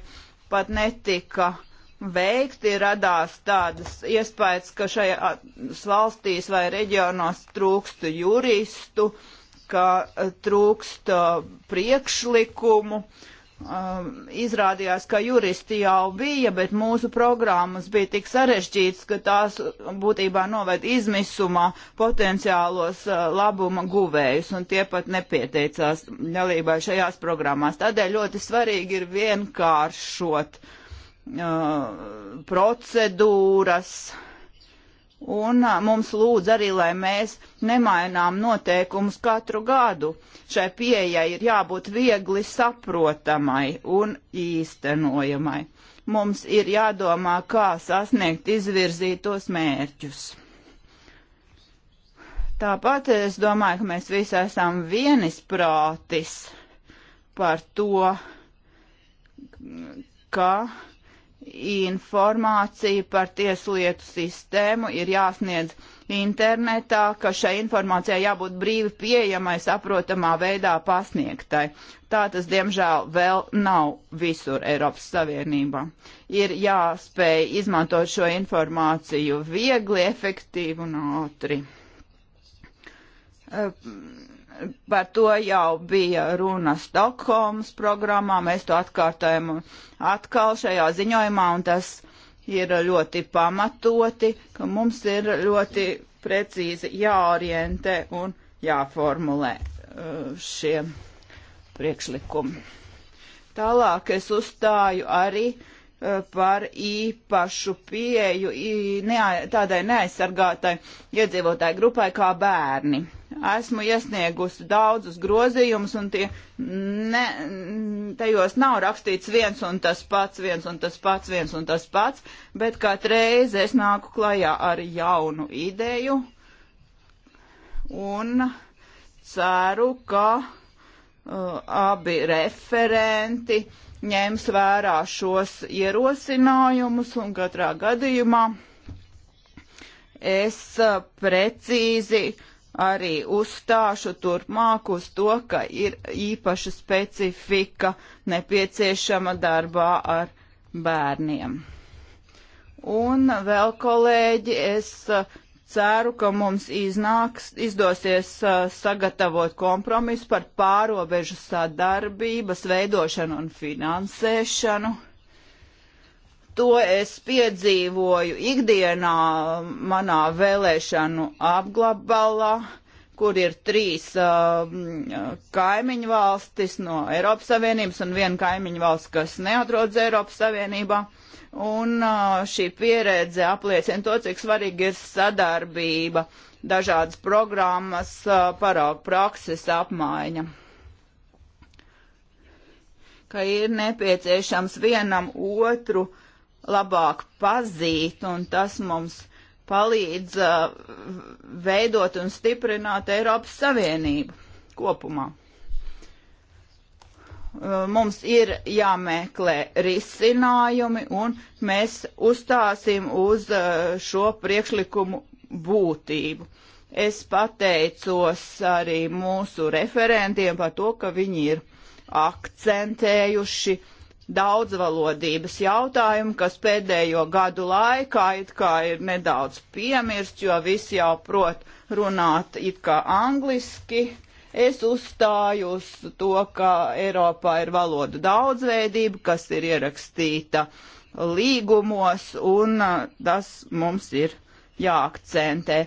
C: pat netika veikti, radās tādas iespējas, ka šajās valstīs vai reģionos trūkst juristu, ka trūkst uh, priekšlikumu. Uh, um, izrādījās, ka juristi jau bija, bet mūsu programmas bija tik sarežģītas, ka tās būtībā noved izmisumā potenciālos uh, labuma guvējus, un tie pat nepieteicās dalībai šajās programmās. Tādēļ ļoti svarīgi ir vienkāršot uh, procedūras, uh, Un mums lūdz arī, lai mēs nemainām noteikumus katru gadu. Šai pieejai ir jābūt viegli saprotamai un īstenojamai. Mums ir jādomā, kā sasniegt izvirzītos mērķus. Tāpat es domāju, ka mēs visi esam vienisprātis par to, ka informācija par tieslietu sistēmu ir jāsniedz internetā, ka šai informācijai jābūt brīvi pieejamai, saprotamā veidā pasniegtai. Tā tas, diemžēl, vēl nav visur Eiropas Savienībā. Ir jāspēj izmantot šo informāciju viegli, efektīvi un ātri. Uh, Par to jau bija runa Stokholmas programmā, mēs to atkārtojam atkal šajā ziņojumā, un tas ir ļoti pamatoti, ka mums ir ļoti precīzi jāorientē un jāformulē uh, šie priekšlikumi. Tālāk es uzstāju arī uh, par īpašu pieeju tādai neaizsargātai iedzīvotāju grupai kā bērni esmu iesniegusi daudzus grozījumus, un tie ne, tajos nav rakstīts viens un tas pats, viens un tas pats, viens un tas pats, bet katreiz es nāku klajā ar jaunu ideju un ceru, ka uh, abi referenti ņems vērā šos ierosinājumus un katrā gadījumā es uh, precīzi uh, arī uzstāšu turpmāk uz to, ka ir īpaša specifika nepieciešama darbā ar bērniem. Un vēl, kolēģi, es uh, ceru, ka mums iznāks, izdosies uh, sagatavot kompromisu par pārobežu sadarbības veidošanu un finansēšanu to es piedzīvoju ikdienā manā vēlēšanu apgabalā, kur ir trīs uh, kaimiņu valstis no Eiropas Savienības un viena kaimiņu valsts, kas neatrodas Eiropas Savienībā. Un uh, šī pieredze apliecina to, cik svarīgi ir sadarbība, dažādas programmas, uh, paraugu prakses apmaiņa ka ir nepieciešams vienam otru uh, labāk pazīt, un tas mums palīdz uh, veidot un stiprināt Eiropas Savienību kopumā. Uh, mums ir jāmeklē risinājumi, un mēs uzstāsim uz uh, šo priekšlikumu būtību. Es pateicos arī mūsu referentiem par to, ka viņi ir akcentējuši uh, daudzvalodības jautājumu, kas pēdējo gadu laikā it kā ir nedaudz piemirst, jo visi jau prot runāt it kā angliski. Es uzstāju uz to, ka Eiropā ir valodu daudzveidība, kas ir ierakstīta līgumos, un tas mums ir jāakcentē.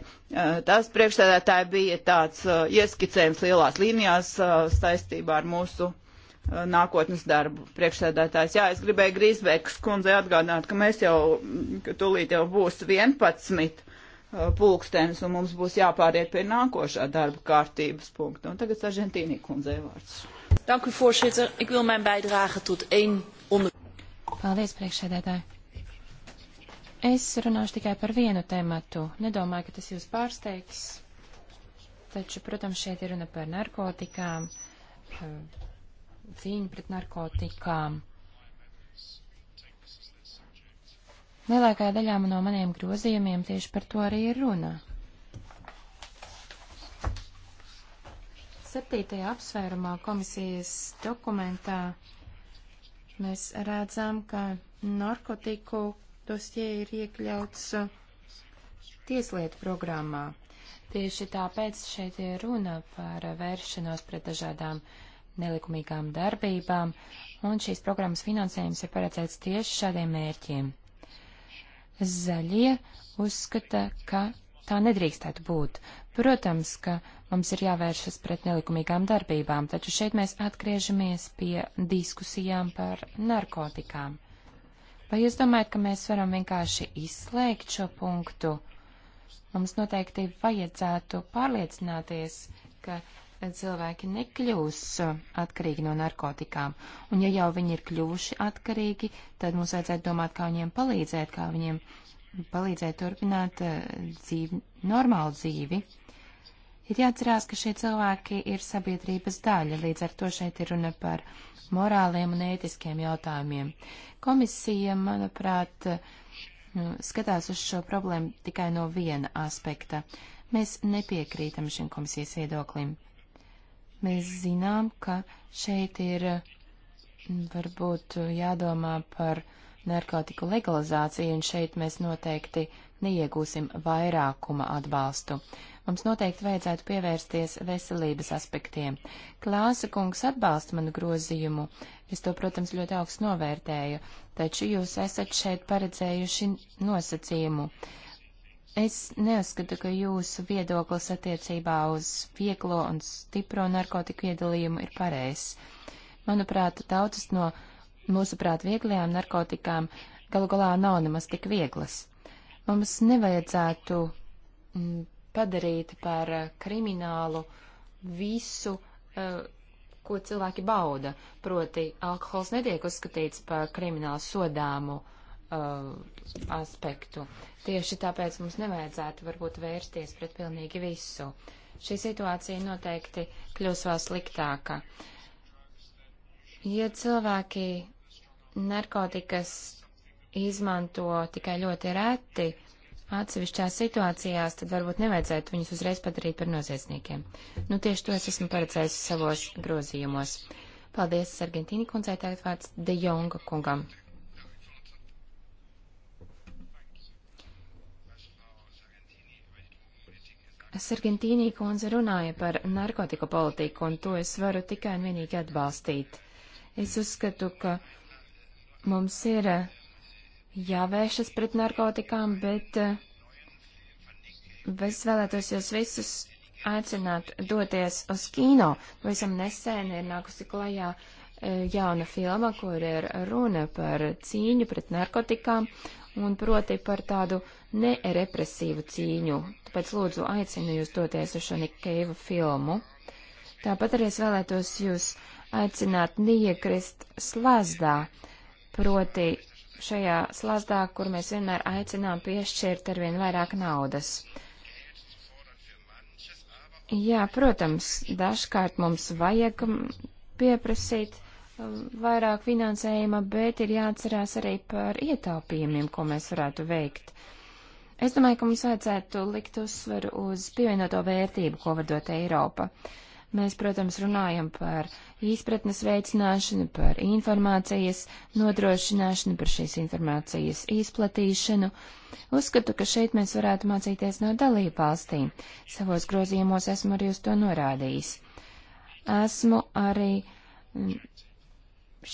C: Tas priekšsēdētāji bija tāds ieskicējums lielās līnijās saistībā ar mūsu Uh, nākotnes darbu priekšsēdētājs. Jā, es gribēju Grīsbēkas kundzei atgādināt, ka mēs jau, ka tūlīt jau būs 11 uh, pulkstenis un mums būs jāpāriet pie nākošā darba kārtības punkta. Un tagad Sargentīnī kundzei vārds. Dank u voorzitter. Ik wil mijn bijdrage tot
A: één onder... Paldies, priekšsēdētāji. Es runāšu tikai par vienu tēmatu. Nedomāju, ka tas jūs pārsteigs. Taču, protams, šeit ir runa par narkotikām, cīņu pret narkotikām. Lielākā daļā no maniem grozījumiem tieši par to arī ir runa. Septītajā apsvērumā komisijas dokumentā mēs redzam, ka narkotiku dosie ir iekļauts tieslietu programmā. Tieši tāpēc šeit ir runa par vēršanos pret dažādām uh, nelikumīgām darbībām, un šīs programmas finansējums ir paredzēts tieši šādiem mērķiem. Zaļie uzskata, ka tā nedrīkstētu būt. Protams, ka mums ir jāvēršas pret nelikumīgām darbībām, taču šeit mēs atgriežamies pie diskusijām par narkotikām. Vai jūs domājat, ka mēs varam vienkārši izslēgt šo punktu? Mums noteikti vajadzētu pārliecināties, ka cilvēki nekļūs uh, atkarīgi no narkotikām. Un ja jau viņi ir kļuvuši atkarīgi, tad mums vajadzētu domāt, kā viņiem palīdzēt, kā viņiem palīdzēt turpināt uh, dzīvi, normālu dzīvi. Ir jāatcerās, ka šie cilvēki ir sabiedrības daļa, līdz ar to šeit ir runa par morāliem un ētiskiem jautājumiem. Komisija, manuprāt, nu, skatās uz šo problēmu tikai no viena aspekta. Mēs nepiekrītam šim komisijas viedoklim. Mēs zinām, ka šeit ir mm, varbūt jādomā par narkotiku legalizāciju, un šeit mēs noteikti neiegūsim vairākuma atbalstu. Mums noteikti vajadzētu pievērsties veselības aspektiem. Klāsa kungs atbalsta manu grozījumu. Es to, protams, ļoti augstu novērtēju, taču jūs esat šeit paredzējuši nosacījumu. Uh, Es neuzskatu, ka jūsu viedoklis attiecībā uz vieglo un stipro narkotiku iedalījumu ir pareizs. Manuprāt, daudzas no mūsuprāt vieglajām narkotikām galu galā nav nemaz tik vieglas. Mums nevajadzētu padarīt par eh, kriminālu visu, eh, ko cilvēki bauda. Proti, alkohols netiek uzskatīts par kriminālu sodāmu uh, uh, aspektu. Tieši tāpēc mums nevajadzētu varbūt vērsties pret pilnīgi visu. Šī situācija noteikti kļūs vēl sliktāka. Ja cilvēki narkotikas izmanto tikai ļoti reti, atsevišķās situācijās, tad varbūt nevajadzētu viņus uzreiz padarīt par noziedzniekiem. Nu, tieši to es esmu paredzējis savos grozījumos. Paldies, Argentīni kundzei, tagad vārds De Jonga kungam. Sargentīnī kundze runāja par narkotiku politiku, un to es varu tikai un vienīgi atbalstīt. Es uzskatu, ka mums ir eh, jāvēršas pret narkotikām, bet eh, es vēlētos jūs visus aicināt doties uz kino. Pavisam nesen ir nākusi klajā eh, jauna filma, kur ir runa par cīņu pret narkotikām un proti par tādu nerepresīvu cīņu Tāpēc lūdzu aicinu jūs doties uz šo Nikeiva filmu. Tāpat arī es vēlētos jūs aicināt neiekrist slazdā, proti šajā slazdā, kur mēs vienmēr aicinām piešķirt arvien vairāk naudas. Jā, protams, dažkārt mums vajag pieprasīt um, vairāk finansējuma, bet ir jāatcerās arī par ietaupījumiem, ko mēs varētu veikt. Uh, Es domāju, ka mums vajadzētu likt uzsveru uz pievienoto vērtību, ko var dot Eiropa. Mēs, protams, runājam par izpratnes veicināšanu, par informācijas nodrošināšanu, par šīs informācijas izplatīšanu. Uzskatu, ka šeit mēs varētu mācīties no dalību valstīm. Savos grozījumos esmu arī uz to norādījis. Esmu arī mm,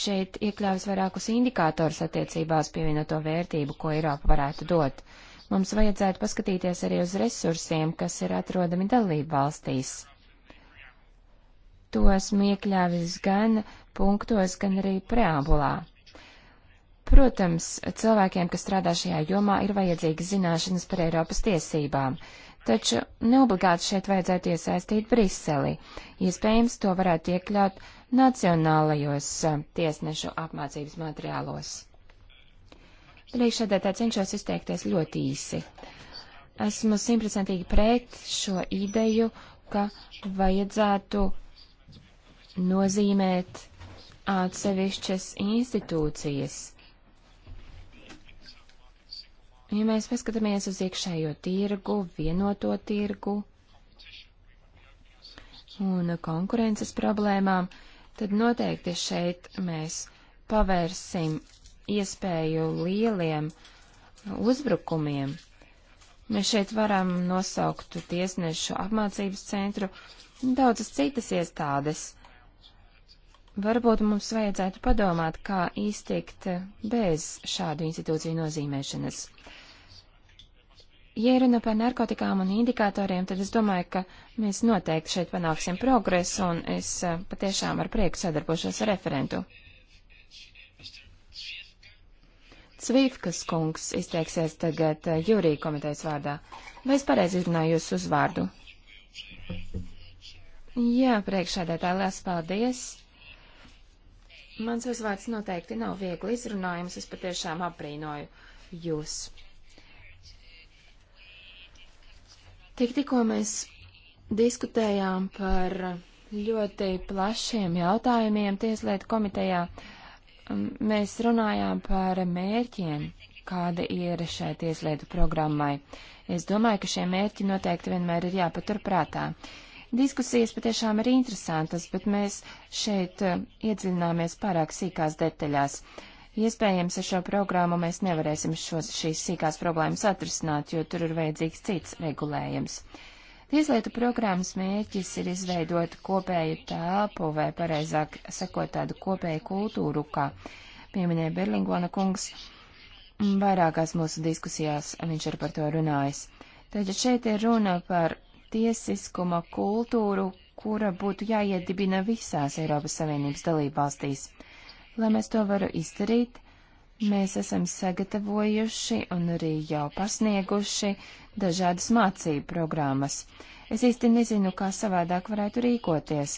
A: šeit iekļāvis vairākus indikātors attiecībās pievienoto vērtību, ko Eiropa varētu dot. Uh, Mums vajadzētu paskatīties arī uz resursiem, kas ir atrodami dalību valstīs. To esmu iekļāvis gan punktos, gan arī preambulā. Protams, cilvēkiem, kas strādā šajā jomā, ir vajadzīgas zināšanas par Eiropas tiesībām, taču neobligāti šeit vajadzētu iesaistīt Briseli. Iespējams, to varētu iekļaut nacionālajos tiesnešu apmācības materiālos. Priekšsēdētāji cenšos izteikties ļoti īsi. Esmu simtprocentīgi pret šo ideju, ka vajadzētu nozīmēt atsevišķas institūcijas. Ja mēs paskatāmies uz iekšējo tirgu, vienoto tirgu un konkurences problēmām, tad noteikti šeit mēs pavērsim iespēju lieliem uzbrukumiem. Mēs šeit varam nosaukt tiesnešu apmācības centru un daudzas citas iestādes. Varbūt mums vajadzētu padomāt, kā iztikt bez šādu institūciju nozīmēšanas. Ja runa par narkotikām un indikatoriem, tad es domāju, ka mēs noteikti šeit panāksim progresu, un es patiešām ar prieku sadarbošos ar referentu. Cvīfkas kungs izteiksies tagad eh, jūrija komitejas vārdā. Vai es pareizi izrunāju jūsu uzvārdu? Jā, priekšādētāji, liels paldies. Mans uzvārds noteikti nav viegli izrunājums, es patiešām aprīnoju jūs. Tik tikko mēs diskutējām par ļoti plašiem jautājumiem Tieslietu komitejā. Uh, Um, mēs runājām par mērķiem, kāda ir šai tieslietu programmai. Es domāju, ka šie mērķi noteikti vienmēr ir jāpaturprātā. Diskusijas patiešām ir interesantas, bet mēs šeit uh, iedziļināmies pārāk sīkās detaļās. Iespējams, ar šo programmu mēs nevarēsim šos, šīs sīkās problēmas atrisināt, jo tur ir vajadzīgs cits regulējums. Uh, Tieslietu programmas mērķis ir izveidot kopēju telpu vai pareizāk sakot tādu kopēju kultūru, kā pieminēja Berlingona kungs. Vairākās mūsu diskusijās viņš ir par to runājis. Tātad šeit ir runa par tiesiskuma kultūru, kura būtu jāiedibina visās Eiropas Savienības dalībvalstīs. Lai mēs to varu izdarīt, Mēs esam sagatavojuši un arī jau pasnieguši dažādas mācību programmas. Es īsti nezinu, kā savādāk varētu rīkoties.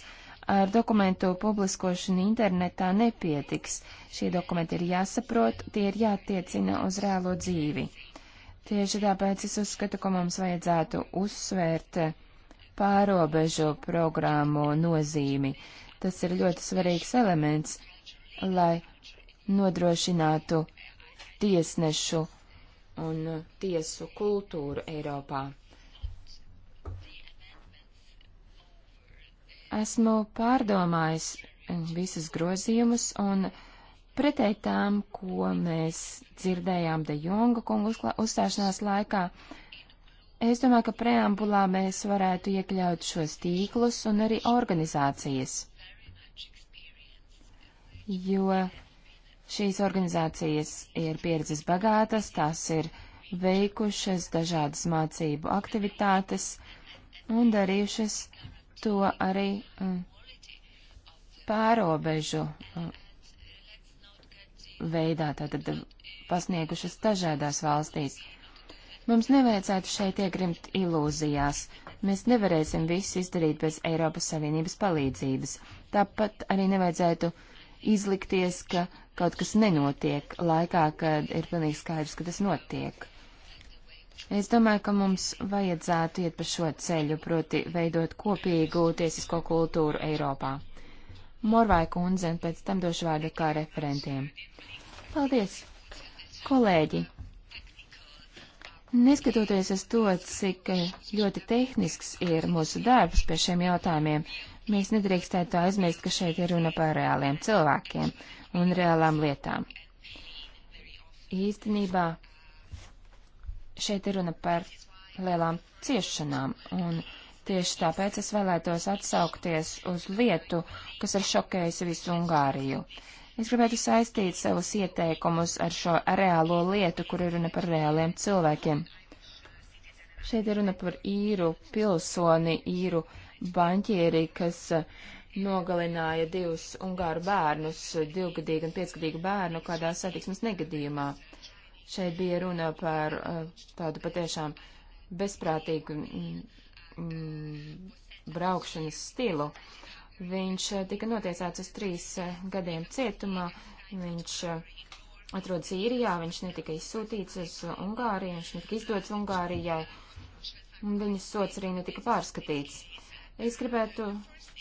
A: Ar dokumentu publiskošanu internetā nepietiks. Šie dokumenti ir jāsaprot, tie ir jātiecina uz reālo dzīvi. Tieši tāpēc es uzskatu, ka mums vajadzētu uzsvērt pārobežu programmu nozīmi. Tas ir ļoti svarīgs elements, lai nodrošinātu tiesnešu un tiesu kultūru Eiropā. Esmu pārdomājis visus grozījumus un pretēji tām, ko mēs dzirdējām De Jonga kunga uzstāšanās laikā, es domāju, ka preambulā mēs varētu iekļaut šos tīklus un arī organizācijas. Jo Šīs organizācijas ir pieredzes bagātas, tās ir veikušas dažādas mācību aktivitātes un darījušas to arī mm, pārobežu mm, veidā, tātad pasniegušas dažādās valstīs. Mums nevajadzētu šeit iegrimt ilūzijās. Mēs nevarēsim visu izdarīt bez Eiropas Savienības palīdzības. Tāpat arī nevajadzētu uh, izlikties, ka kaut kas nenotiek laikā, kad ir pilnīgi skaidrs, ka tas notiek. Es domāju, ka mums vajadzētu iet pa šo ceļu, proti veidot kopīgu tiesisko kultūru Eiropā. Morvai kundze, un pēc tam došu vārdu kā referentiem. Paldies! Kolēģi! Neskatoties uz to, cik ļoti tehnisks ir mūsu darbs pie šiem jautājumiem, Mēs nedrīkstētu aizmirst, ka šeit ir runa par reāliem cilvēkiem un reālām lietām. Īstenībā šeit ir runa par lielām ciešanām, un tieši tāpēc es vēlētos atsaukties uz lietu, kas ir šokējusi visu Ungāriju. Es gribētu saistīt savus ieteikumus ar šo reālo lietu, kur ir runa par reāliem cilvēkiem. Šeit ir runa par īru pilsoni, īru baņķieri, kas eh, nogalināja divus ungāru bērnus, divgadīgu un piecgadīgu bērnu kādā satiksmes negadījumā. Šeit bija runa par eh, tādu patiešām bezprātīgu mm, mm braukšanas stilu. Viņš eh, tika notiesāts uz trīs gadiem cietumā. Viņš atrodas īrijā, viņš netika izsūtīts uz Ungāriju, viņš netika izdots Ungārijai. Viņas sots arī netika pārskatīts. Es gribētu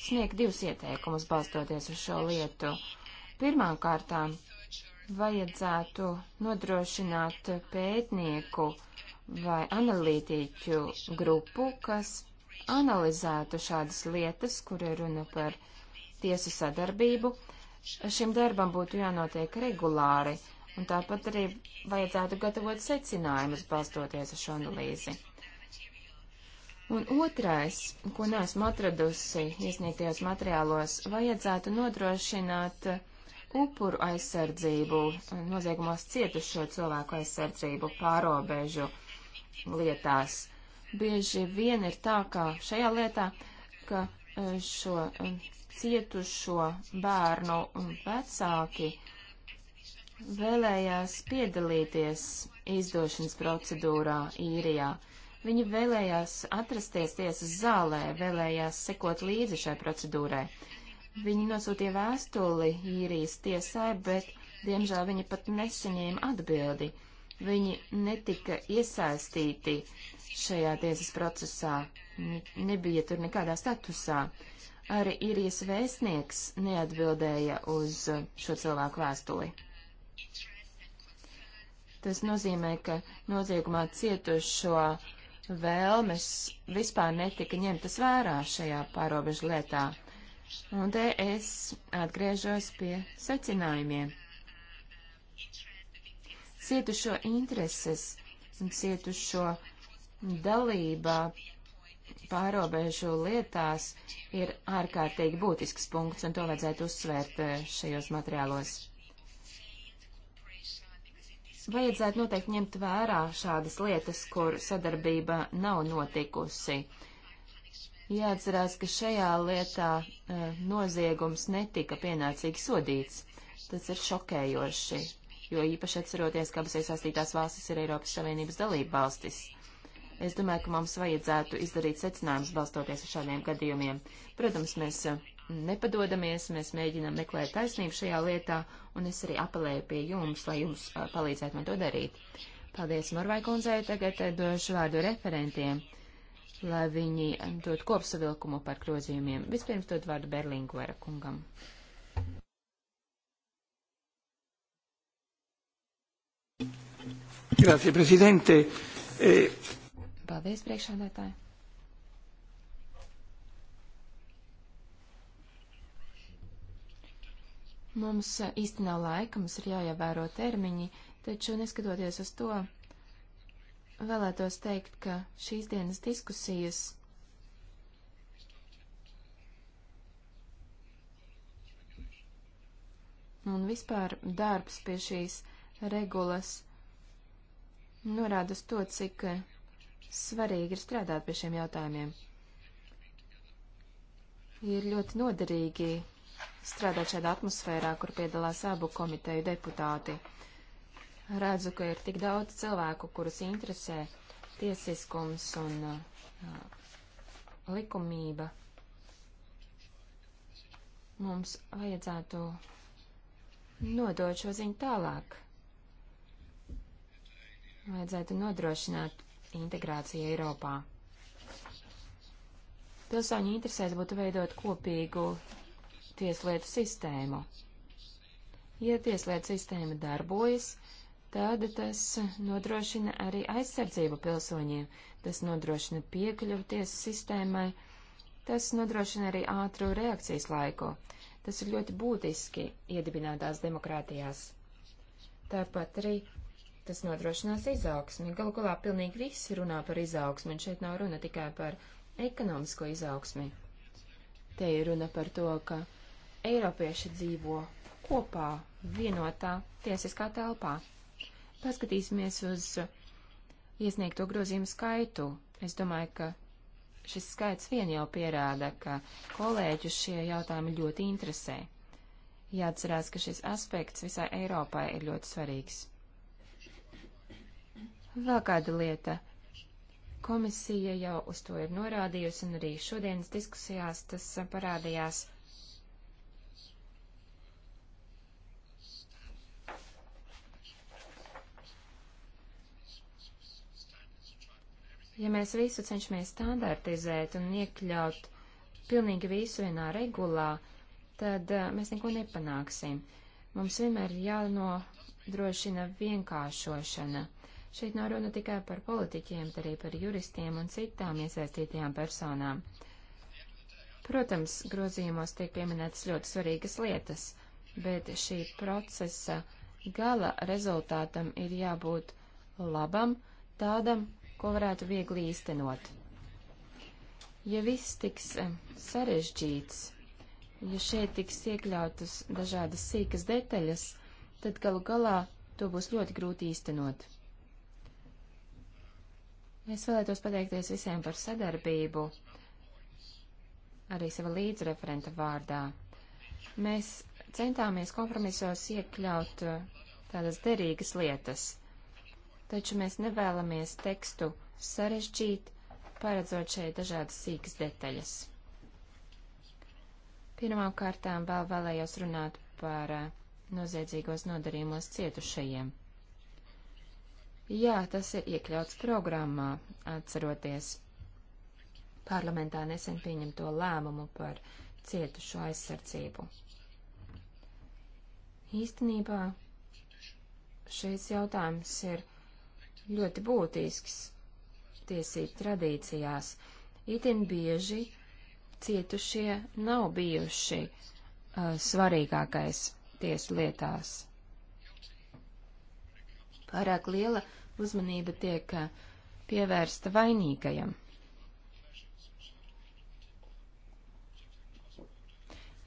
A: sniegt divus ieteikumus, balstoties uz šo lietu. Pirmām kārtām vajadzētu nodrošināt pētnieku vai analītiķu grupu, kas analizētu šādas lietas, kur ir runa par tiesu sadarbību. Šim darbam būtu jānotiek regulāri, un tāpat arī vajadzētu gatavot secinājumus, balstoties uz šo analīzi. Un otrais, ko neesmu atradusi iesniegtajos materiālos, vajadzētu nodrošināt upuru aizsardzību, noziegumos cietušo cilvēku aizsardzību pārobežu lietās. Bieži vien ir tā, ka šajā lietā, ka e, šo e, cietušo bērnu vecāki vēlējās piedalīties izdošanas procedūrā īrijā. Viņi vēlējās atrasties tiesas zālē, vēlējās sekot līdzi šai procedūrai. Viņi nosūtīja vēstuli īrijas tiesai, bet, diemžēl, viņi pat nesaņēma atbildi. Viņi netika iesaistīti šajā tiesas procesā, nebija tur nekādā statusā. Arī īrijas vēstnieks neatbildēja uz šo cilvēku vēstuli. Tas nozīmē, ka noziegumā cietušo vēlmes vispār netika ņemtas vērā šajā pārobežu lietā. Un te es atgriežos pie secinājumiem. Cietušo intereses un cietušo dalībā pārobežu lietās ir ārkārtīgi būtisks punkts, un to vajadzētu uzsvērt eh, šajos materiālos vajadzētu noteikti ņemt vērā šādas lietas, kur sadarbība nav notikusi. Jāatcerās, ka šajā lietā uh, noziegums netika pienācīgi sodīts. Tas ir šokējoši, jo īpaši atceroties, ka abas iesaistītās valstis ir Eiropas Savienības dalība valstis. Es domāju, ka mums vajadzētu izdarīt secinājumus balstoties uz šādiem gadījumiem. Protams, mēs eh, nepadodamies, mēs mēģinām meklēt taisnību šajā lietā, un es arī apelēju pie jums, lai jums eh, palīdzētu man to darīt. Paldies Morvai kundzei, tagad eh, došu vārdu referentiem, lai viņi dot kopsavilkumu par grozījumiem. Vispirms dot vārdu Berlinguera kungam. Grazie, Presidente. Eh, Paldies, priekšādētāji! Mums īsti nav laika, mums ir jāievēro termiņi, taču neskatoties uz to, vēlētos teikt, ka šīs dienas diskusijas un vispār darbs pie šīs regulas norāda uz to, cik svarīgi ir strādāt pie šiem jautājumiem. Ir ļoti noderīgi strādāt šādā atmosfērā, kur piedalās abu komiteju deputāti. Redzu, ka ir tik daudz cilvēku, kurus interesē tiesiskums un uh, likumība. Mums vajadzētu nodot šo ziņu tālāk. Vajadzētu nodrošināt integrācija Eiropā. Pilsoņu interesēs būtu veidot kopīgu tieslietu sistēmu. Ja tieslietu sistēma darbojas, tad tas nodrošina arī aizsardzību pilsoņiem, tas nodrošina piekļuvu tiesu sistēmai, tas nodrošina arī ātru reakcijas laiku. Tas ir ļoti būtiski iedibinātās demokrātijās. Tāpat arī Tas nodrošinās izaugsmi. Galu galā pilnīgi visi runā par izaugsmi, un šeit nav runa tikai par ekonomisko izaugsmi. Te ir runa par to, ka Eiropieši dzīvo kopā, vienotā tiesiskā telpā. Paskatīsimies uz iesniegto grozījumu skaitu. Es domāju, ka šis skaits vien jau pierāda, ka kolēģus šie jautājumi ļoti interesē. Jāatcerās, ka šis aspekts visai Eiropai ir ļoti svarīgs. Vēl kāda lieta. Komisija jau uz to ir norādījusi, un arī šodienas diskusijās tas parādījās. Ja mēs visu cenšamies standartizēt un iekļaut pilnīgi visu vienā regulā, tad eh, mēs neko nepanāksim. Mums vienmēr ir jānodrošina vienkāršošana. Šeit nav runa tikai par politiķiem, bet arī par juristiem un citām iesaistītajām personām. Protams, grozījumos tiek pieminētas ļoti svarīgas lietas, bet šī procesa gala rezultātam ir jābūt labam, tādam, ko varētu viegli īstenot. Ja viss tiks eh, sarežģīts, ja šeit tiks iekļautas dažādas sīkas detaļas, tad galu galā to būs ļoti grūti īstenot. Es vēlētos pateikties visiem par sadarbību, arī sava līdzreferenta vārdā. Mēs centāmies kompromisos iekļaut uh, tādas derīgas lietas, taču mēs nevēlamies tekstu sarežģīt, paredzot šeit dažādas sīkas detaļas. Pirmām kārtām vēl vēlējos runāt par uh, noziedzīgos nodarījumos cietušajiem. Jā, tas ir iekļauts programmā, atceroties parlamentā nesen pieņemto lēmumu par cietušo aizsardzību. Īstenībā šis jautājums ir ļoti būtisks tiesību tradīcijās. Itin bieži cietušie nav bijuši uh, svarīgākais tiesu lietās. Pārāk liela uzmanība tiek eh, pievērsta vainīgajam.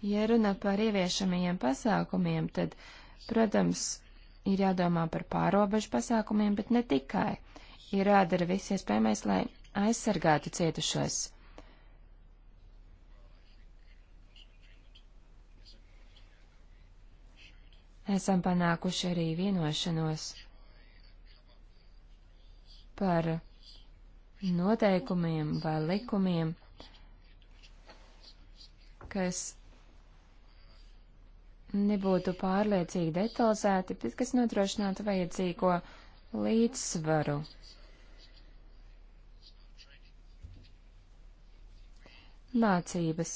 A: Ja runa par ieviešamajiem pasākumiem, tad, protams, ir jādomā par pārobežu pasākumiem, bet ne tikai. Ir jādara viss iespējamais, lai aizsargātu cietušos. Esam panākuši arī vienošanos par noteikumiem vai likumiem, kas nebūtu pārliecīgi detalizēti, bet kas nodrošinātu vajadzīgo līdzsvaru. Mācības.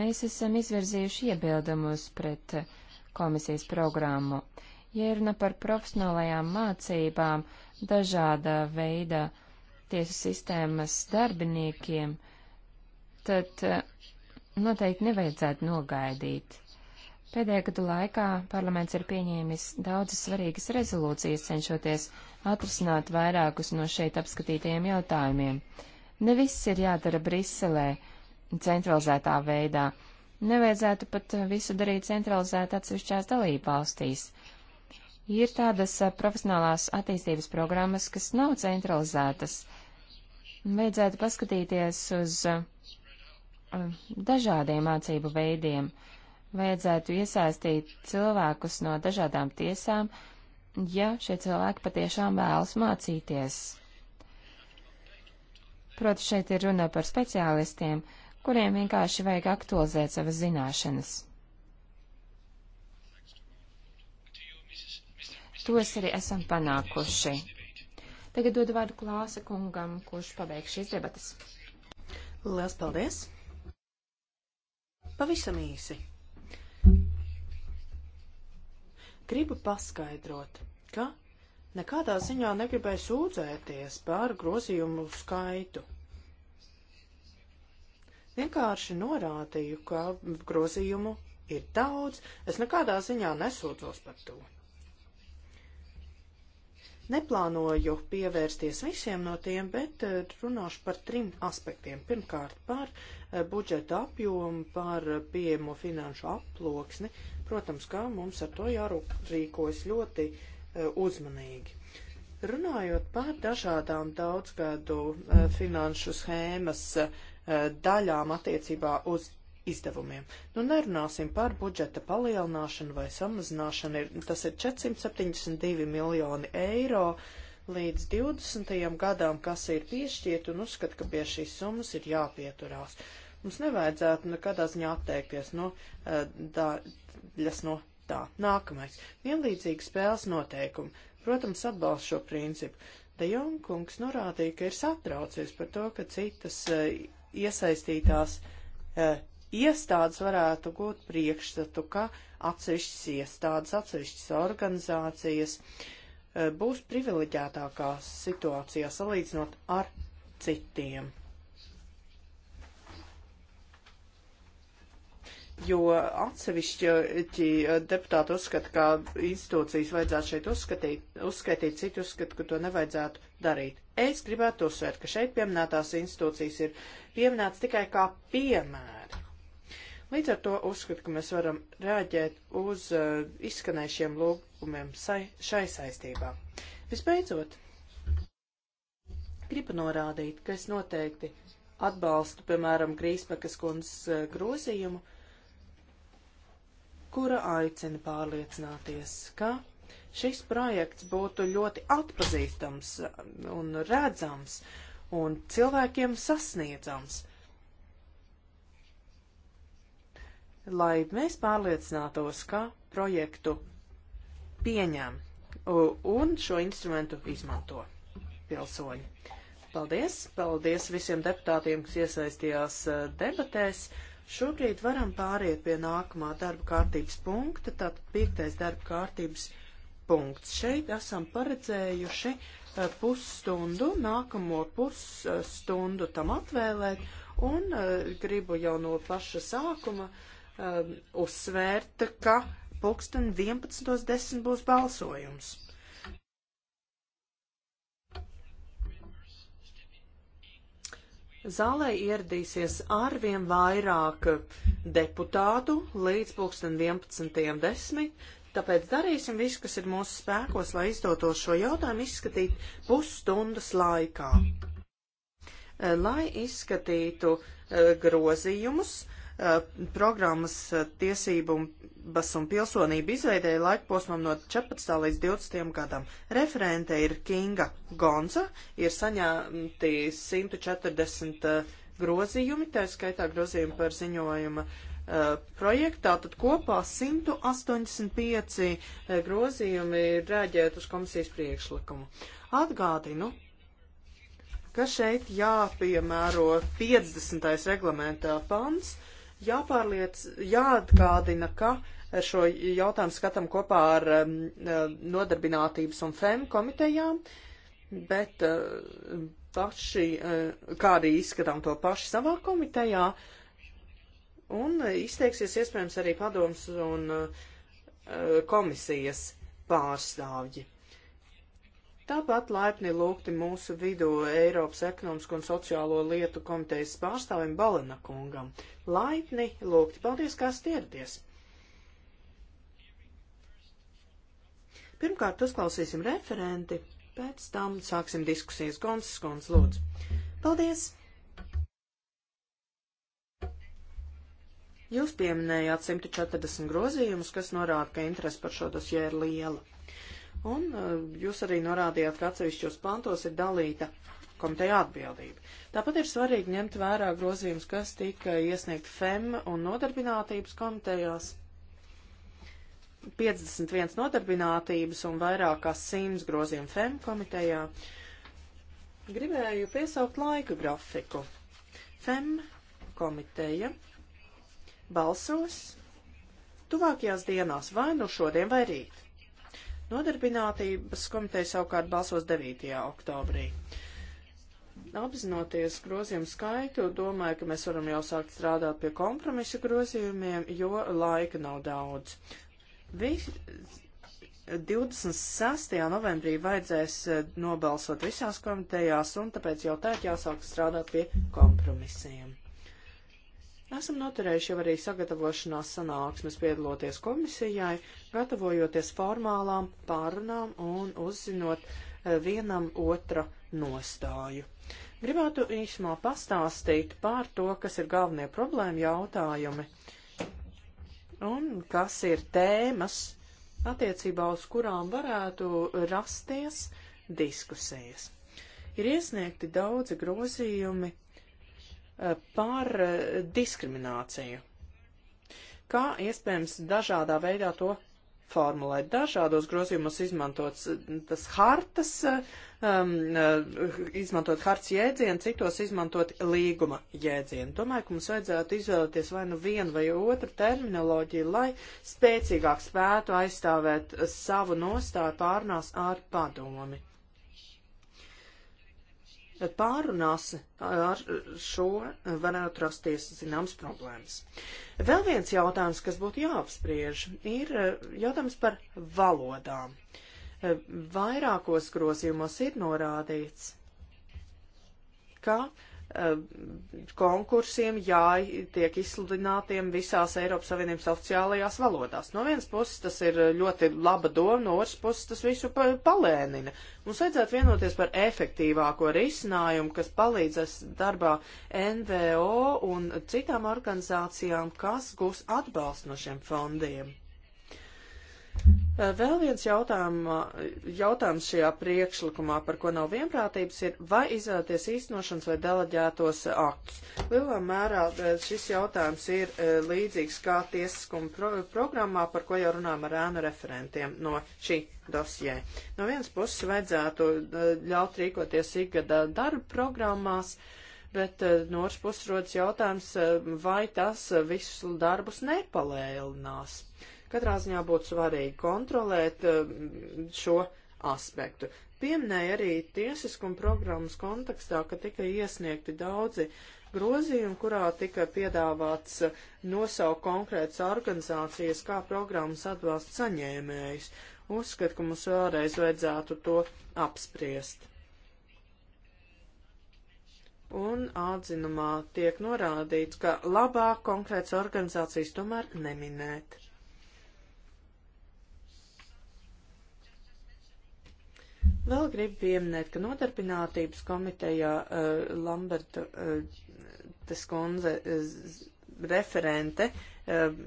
A: Mēs esam izvirzījuši iebildumus pret uh, komisijas programmu. Ja runa par profesionālajām mācībām, dažāda veida tiesu sistēmas darbiniekiem, tad eh, noteikti nevajadzētu nogaidīt. Pēdējā gadu laikā parlaments ir pieņēmis daudzas svarīgas rezolūcijas, cenšoties atrisināt vairākus no šeit apskatītajiem jautājumiem. Ne viss ir jādara Briselē, centralizētā veidā. Nevajadzētu pat eh, visu darīt centralizēt atsevišķās dalībvalstīs. Ir tādas eh, profesionālās attīstības programmas, kas nav centralizētas. Vajadzētu paskatīties uz eh, dažādiem mācību veidiem. Vajadzētu iesaistīt cilvēkus no dažādām tiesām, ja šie cilvēki patiešām vēlas mācīties. Protams, šeit ir runa par speciālistiem, kuriem vienkārši vajag aktualizēt savas zināšanas. Tos arī esam panākuši. Tagad dodu vārdu klāsa kungam, kurš pabeigš šīs debatas. Lielas paldies! Pavisam īsi. Gribu
B: paskaidrot, ka nekādā ziņā negribēju sūdzēties par grozījumu skaitu. Vienkārši norādīju, ka grozījumu ir daudz, es nekādā ziņā nesūdzos par to. Neplānoju pievērsties visiem no tiem, bet eh, runāšu par trim aspektiem. Pirmkārt, par eh, budžeta apjomu, par eh, pieejamo finanšu aploksni. Protams, kā mums ar to jārīkojas ļoti uzmanīgi. Runājot par dažādām daudzgadu finanšu schēmas Eh, daļām attiecībā uz izdevumiem. Nu, nerunāsim par budžeta palielināšanu vai samazināšanu. Ir, tas ir 472 miljoni eiro līdz 20. gadām, kas ir piešķiet un uzskat, ka pie šīs summas ir jāpieturās. Mums nevajadzētu nekādā ziņā atteikties no eh, daļas no tā. Nākamais. Vienlīdzīgi spēles noteikumi. Protams, atbalst šo principu. De Jong kungs norādīja, ka ir satraucies par to, ka citas eh, iesaistītās e, iestādes varētu gūt priekšstatu, ka atsevišķas iestādes, atsevišķas organizācijas e, būs privileģētākā situācijā salīdzinot ar citiem. jo atsevišķi deputāti uzskata, ka institūcijas vajadzētu šeit uzskatīt, uzskaitīt, citi uzskata, ka to nevajadzētu darīt. Es gribētu uzsvērt, ka šeit pieminētās institūcijas ir pieminētas tikai kā piemēri. Līdz ar to uzskatu, ka mēs varam rēģēt uz uh, izskanējušiem lūgumiem sai, šai saistībā. Visbeidzot, gribu norādīt, ka es noteikti atbalstu, piemēram, Grīsmekas kundzes uh, grozījumu, uh, kura aicina pārliecināties, ka šis projekts būtu ļoti atpazīstams un redzams un cilvēkiem sasniedzams. Lai mēs pārliecinātos, ka projektu pieņem un šo instrumentu izmanto pilsoņi. Paldies! Paldies visiem deputātiem, kas iesaistījās eh, debatēs! Šobrīd varam pāriet pie nākamā darba kārtības punkta, tātad piektais darba kārtības punkts. Šeit esam paredzējuši eh, pusstundu, nākamo pusstundu tam atvēlēt, un eh, gribu jau no paša sākuma um, uzsvērt, ka pulksten 11.10 būs balsojums. Zālē ieradīsies arvien vairāk deputātu līdz pulksten 11.10. Tāpēc darīsim visu, kas ir mūsu spēkos, lai izdotos šo jautājumu izskatīt pusstundas laikā. Lai izskatītu eh, grozījumus, uh, Eh, programmas eh, tiesības un pilsonība izveidēja laikposmam no 14. līdz 20. gadam. Referente ir Kinga Gonza, ir saņemti 140 eh, grozījumi, tā skaitā grozījumi par ziņojuma projektā, tad kopā 185 grozījumi ir rēģēt uz komisijas priekšlikumu. Atgādinu, ka šeit jāpiemēro 50. reglamentā pants, uh, Jāpārliec, jāatgādina, ka šo jautājumu skatām kopā ar um, nodarbinātības un FEM komitejām, bet uh, paši, uh, kā arī izskatām to paši savā komitejā, un uh, izteiksies iespējams arī padoms un uh, komisijas pārstāvji. Tāpat laipni lūgti mūsu vidū Eiropas ekonomisko un sociālo lietu komitejas pārstāvim Balena kungam. Laipni lūgti. Paldies, kā stiedaties. Pirmkārt, uzklausīsim referenti, pēc tam sāksim diskusijas. Gons, Gons, lūdzu. Paldies! Jūs pieminējāt 140 grozījumus, kas norāda, ka interesi par šo dosiju ir liela. Un uh, jūs arī norādījāt, ka atsevišķos pantos ir dalīta komiteja atbildība. Tāpat ir svarīgi ņemt vērā grozījums, kas tika iesniegt FEM un nodarbinātības komitejās. 51 nodarbinātības un vairāk kā 100 grozījumu FEM komitejā. Gribēju piesaukt laika grafiku. FEM komiteja balsos tuvākajās dienās vai nu šodien vai rīt. Nodarbinātības komiteja savukārt balsos 9. oktobrī. Apzinoties grozījumu skaitu, domāju, ka mēs varam jau sākt strādāt pie kompromisa grozījumiem, jo laika nav daudz. Vis, 26. novembrī vajadzēs eh, nobalsot visās komitejās, un tāpēc jau tagad jāsāk strādāt pie kompromisiem. Esam noturējuši jau arī sagatavošanās sanāksmes piedaloties komisijai, gatavojoties formālām pārunām un uzzinot eh, vienam otra nostāju. Gribētu īsumā pastāstīt pār to, kas ir galvenie problēma jautājumi un kas ir tēmas, attiecībā uz kurām varētu rasties diskusijas. Ir iesniegti daudzi grozījumi Eh, par eh, diskrimināciju. Kā iespējams dažādā veidā to formulēt. Dažādos grozījumos izmantots eh, tas hartas, um, izmantot hartas jēdzienu, citos izmantot līguma jēdzienu. Domāju, ka mums vajadzētu izvēlēties vai nu vienu vai otru terminoloģiju, lai spēcīgāk spētu aizstāvēt savu nostāju pārnās ar padomi pārunās ar šo varētu rasties zināms problēmas. Vēl viens jautājums, kas būtu jāapspriež, ir eh, jautājums par valodām. Eh, vairākos grozījumos ir norādīts, ka uh, Eh, konkursiem jātiek izsludinātiem visās Eiropas Savienības oficiālajās valodās. No vienas puses tas ir ļoti laba doma, no otras puses tas visu palēnina. Mums vajadzētu vienoties par efektīvāko risinājumu, kas palīdzēs darbā NVO un citām organizācijām, kas gūs atbalstu no šiem fondiem. Vēl viens jautājums šajā priekšlikumā, par ko nav vienprātības, ir, vai izvēlēties īstenošanas vai deleģētos aktus. Lielā mērā šis jautājums ir līdzīgs kā tiesiskuma pro programmā, par ko jau runājam ar ēnu referentiem no šī dosjē. No vienas puses vajadzētu ļaut rīkoties ikgada darba programmās, bet no otras puses rodas jautājums, vai tas visus darbus nepalēlinās. Uh, Katrā ziņā būtu svarīgi kontrolēt eh, šo aspektu. Pieminēja arī tiesiskuma programmas kontekstā, ka tika iesniegti daudzi grozījumi, kurā tika piedāvāts eh, nosaukt konkrētas organizācijas kā programmas atbalsta saņēmējs. Uzskatu, ka mums vēlreiz vajadzētu to apspriest. Un atzinumā tiek norādīts, ka labāk konkrētas organizācijas tomēr neminēt. Vēl gribu pieminēt, ka nodarbinātības komitejā uh, Lamberta uh, eh, Teskundze uh, eh, referente uh,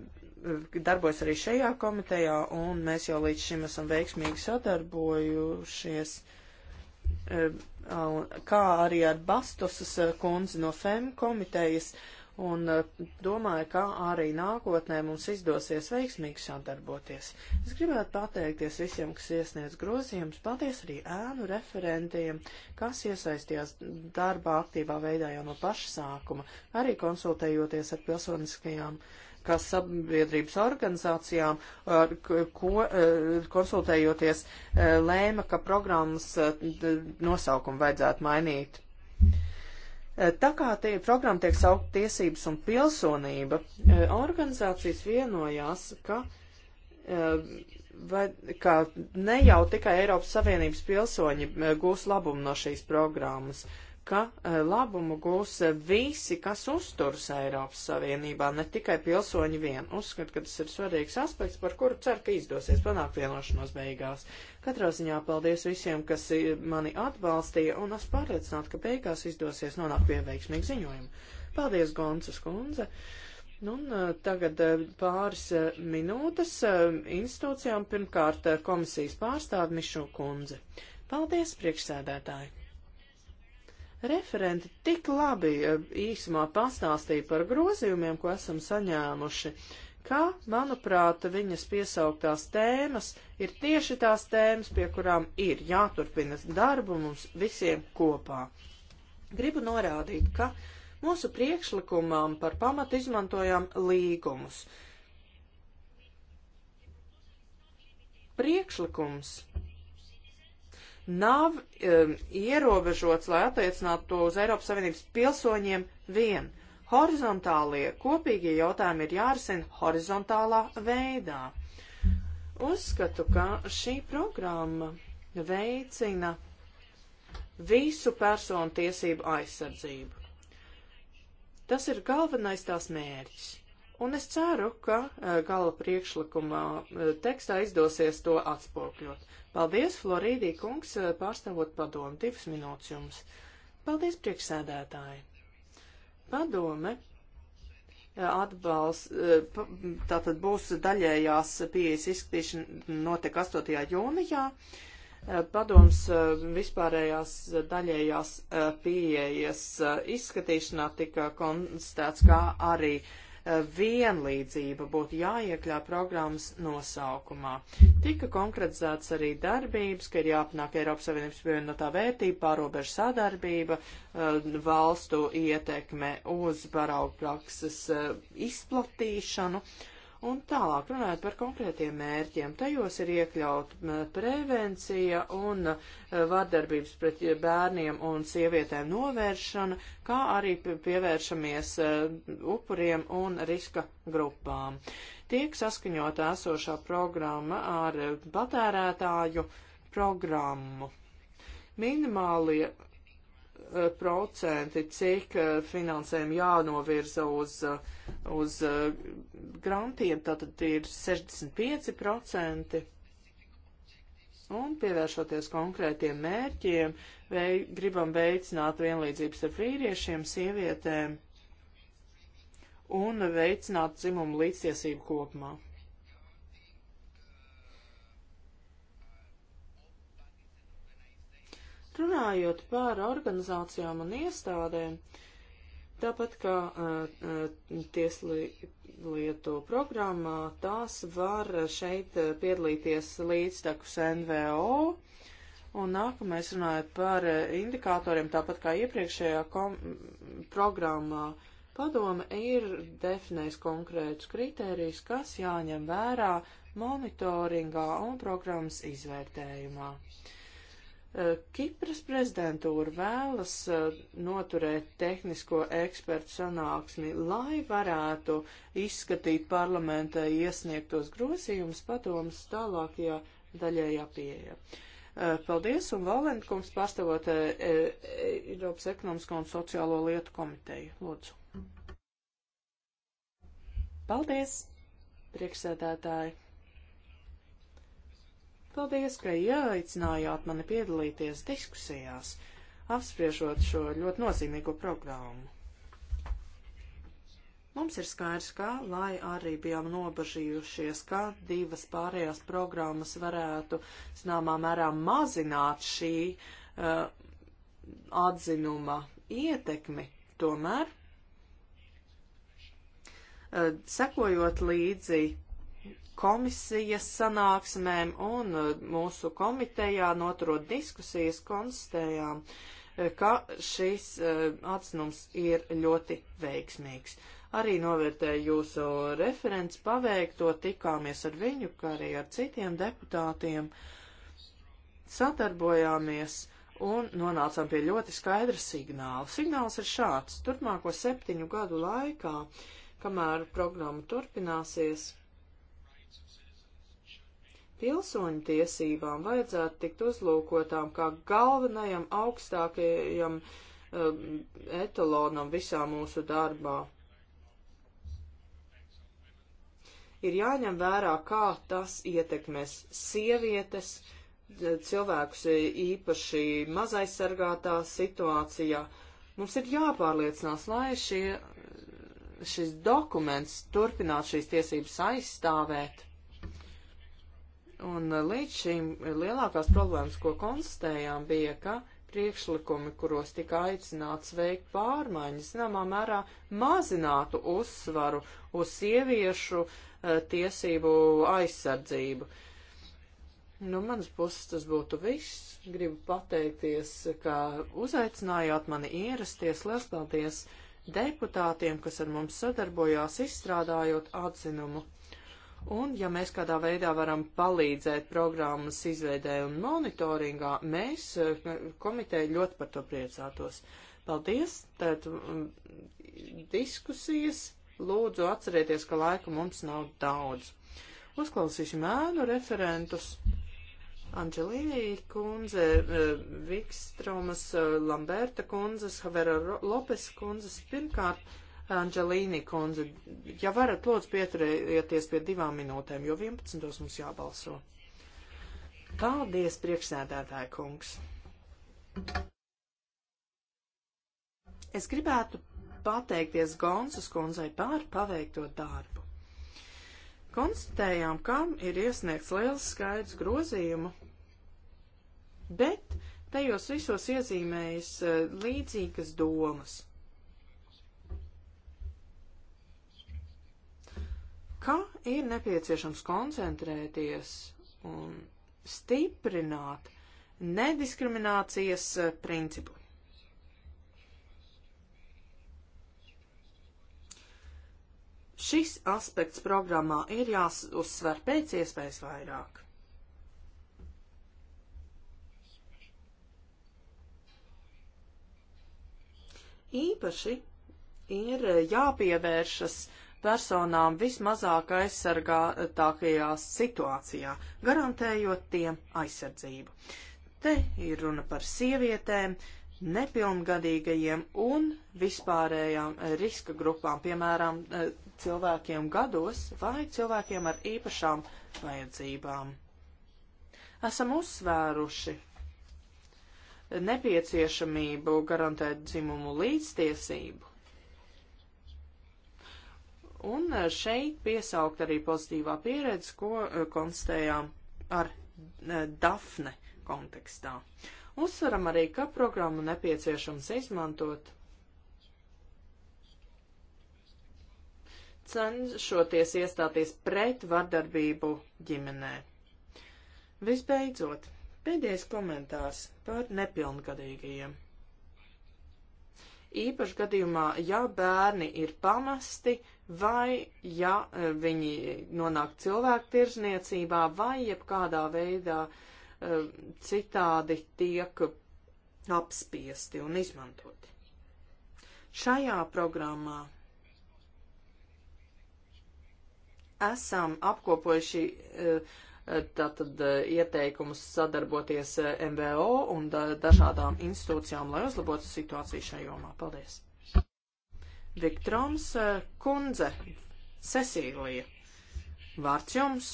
B: darbojas arī šajā komitejā, un mēs jau līdz šim esam veiksmīgi sadarbojušies. Uh, kā arī ar Bastosas kundzi no FEM komitejas, uh, un eh, domāju, ka arī nākotnē mums izdosies veiksmīgi sadarboties. Es gribētu pateikties visiem, kas iesniedz grozījumus, paties arī ēnu referentiem, kas iesaistījās darbā aktīvā veidā jau no paša sākuma, arī konsultējoties ar pilsoniskajām kas sabiedrības organizācijām, ko, eh, konsultējoties, eh, lēma, ka programmas nosaukumu vajadzētu mainīt Eh, tā kā tie programma tiek saukt tiesības un pilsonība, eh, organizācijas vienojās, ka, eh, vai, ka ne jau tikai Eiropas Savienības pilsoņi gūs labumu no šīs programmas ka e, labumu gūs visi, kas uzturas Eiropas Savienībā, ne tikai pilsoņi vien. Uzskatu, ka tas ir svarīgs aspekts, par kuru ceru, ka izdosies panākt vienošanos beigās. Katrā ziņā paldies visiem, kas mani atbalstīja, un es pārliecinātu, ka beigās izdosies nonākt pie veiksmīgu ziņojumu. Paldies, Gonsas kundze! Nu, un e, tagad e, pāris minūtes institūcijām, pirmkārt komisijas pārstāvi Mišu kundze. Paldies, priekšsēdētāji! Referenti tik labi e, īsumā pastāstīja par grozījumiem, ko esam saņēmuši, ka, manuprāt, viņas piesauktās tēmas ir tieši tās tēmas, pie kurām ir jāturpina darbu mums visiem kopā. Gribu norādīt, ka mūsu priekšlikumām par pamatu izmantojam līgumus. Priekšlikums nav um, ierobežots, lai attiecinātu to uz Eiropas Savienības pilsoņiem vien. Horizontālie kopīgie jautājumi ir jārisina horizontālā veidā. Uzskatu, ka šī programma veicina visu personu tiesību aizsardzību. Tas ir galvenais tās mērķis. Un es ceru, ka uh, gala priekšlikuma uh, tekstā izdosies to atspokļot. Paldies, Florīdī kungs, pārstāvot padomu. Divas minūtes jums. Paldies, priekšsēdētāji. Padome eh, atbalsts, eh, tātad būs daļējās pieejas izskatīšana notiek 8. jūnijā. Eh, padoms vispārējās daļējās pieejas izskatīšanā tika konstatēts, kā arī uh, vienlīdzība būtu jāiekļā programmas nosaukumā. Tika konkretizēts arī darbības, ka ir jāpanāk Eiropas Savienības pievienotā vērtība, pārobežu sadarbība, eh, valstu ietekme uz paraugu prakses eh, izplatīšanu. Uh, Un tālāk runājot par konkrētiem mērķiem, tajos ir iekļaut prevencija un vardarbības pret bērniem un sievietēm novēršana, kā arī pievēršamies e, upuriem un riska grupām. Tiek saskaņota esošā programma ar patērētāju programmu. Minimālie procenti, cik eh, finansējumu jānovirza uz, eh, uz eh, grantiem, tātad ir 65 procenti. Un pievēršoties konkrētiem mērķiem, vei, gribam veicināt vienlīdzības ar vīriešiem, sievietēm un veicināt dzimumu līdztiesību kopumā. Runājot par organizācijām un iestādēm, tāpat kā uh, tieslietu programmā, tās var šeit piedalīties līdztekus NVO. Un nākamais runājot par indikatoriem, tāpat kā iepriekšējā kom programmā, padome ir definējis konkrētus kritērijus, kas jāņem vērā monitoringā un programmas izvērtējumā. Uh, Kipras prezidentūra vēlas eh, noturēt tehnisko ekspertu sanāksmi, lai varētu izskatīt parlamentā iesniegtos grozījumus padomus tālākajā daļējā pieeja. Eh, paldies, un Valentkungs pārstāvot eh, Eiropas ekonomisko un sociālo lietu komiteju. Lūdzu. Paldies, priekšsēdētāji. Paldies, ka ieaicinājāt mani piedalīties diskusijās, apspriežot šo ļoti nozīmīgo programmu. Mums ir skaidrs, ka, lai arī bijām nobažījušies, ka divas pārējās programmas varētu, zināmā mērā, mazināt šī uh, atzinuma ietekmi, tomēr, uh, sekojot līdzi komisijas sanāksmēm un uh, mūsu komitejā noturot diskusijas konstatējām, uh, ka šis uh, atzinums ir ļoti veiksmīgs. Arī novērtēju jūsu referents paveikto, tikāmies ar viņu, kā arī ar citiem deputātiem, sadarbojāmies un nonācām pie ļoti skaidra signāla. Signāls ir šāds. Turpmāko septiņu gadu laikā, kamēr programma turpināsies, pilsoņu tiesībām vajadzētu tikt uzlūkotām kā galvenajam augstākajam uh, etalonam visā mūsu darbā. Ir jāņem vērā, kā tas ietekmēs sievietes, cilvēkus e, īpaši mazaizsargātā situācijā. Mums ir jāpārliecinās, lai šie, šis dokuments turpinātu šīs tiesības aizstāvēt Un eh, līdz šīm lielākās problēmas, ko konstatējām, bija, ka priekšlikumi, kuros tika aicināts veikt pārmaiņas, zināmā mērā mazinātu uzsvaru uz sieviešu uh, tiesību aizsardzību. Nu, manas puses tas būtu viss. Gribu pateikties, ka uzaicinājāt mani ierasties. Lielas paldies deputātiem, kas ar mums sadarbojās, izstrādājot atzinumu. Un, ja mēs kādā veidā varam palīdzēt programmas izveidē un monitoringā, mēs eh, komiteja ļoti par to priecātos. Paldies! Tad mm, diskusijas. Lūdzu, atcerieties, ka laika mums nav daudz. Uzklausīsim ēnu referentus. Anģelīnī kundze, eh, Vikstromas, eh, Lamberta kundzes, Havera Lopes kundzes. Pirmkārt, Anģelīni kundze, ja varat, lūdzu, pieturieties pie divām minūtēm, jo 11. mums jābalso. Paldies, priekšsēdētāja kungs. Es gribētu pateikties Gonsas kundzei par paveikto darbu. Konstatējām, kam ir iesniegts liels skaits grozījumu, bet tajos visos iezīmējas eh, līdzīgas domas. ka ir nepieciešams koncentrēties un stiprināt nediskriminācijas eh, principu. Šis aspekts programmā ir jāuzsver pēc iespējas vairāk. Īpaši ir eh, jāpievēršas uh, personām vismazāk aizsargātākajās situācijā, garantējot tiem aizsardzību. Te ir runa par sievietēm, nepilngadīgajiem un vispārējām eh, riska grupām, piemēram, eh, cilvēkiem gados vai cilvēkiem ar īpašām vajadzībām. Esam uzsvēruši nepieciešamību garantēt dzimumu līdztiesību Un eh, šeit piesaukt arī pozitīvā pieredze, ko eh, konstatējām ar eh, Dafne kontekstā. Uzsveram arī, ka programmu nepieciešams izmantot cenšoties iestāties pret vardarbību ģimenē. Visbeidzot, pēdējais komentārs par nepilngadīgajiem īpaši gadījumā, ja bērni ir pamesti vai ja e, viņi nonāk cilvēku tirzniecībā vai jebkādā veidā e, citādi tiek apspiesti un izmantoti. Šajā programmā esam apkopojuši uh, tātad eh, ieteikumus sadarboties eh, MVO un dažādām institūcijām, lai uzlabotu situāciju šajā jomā. Paldies! Viktrons eh, Kundze, Cecīlija, vārds jums.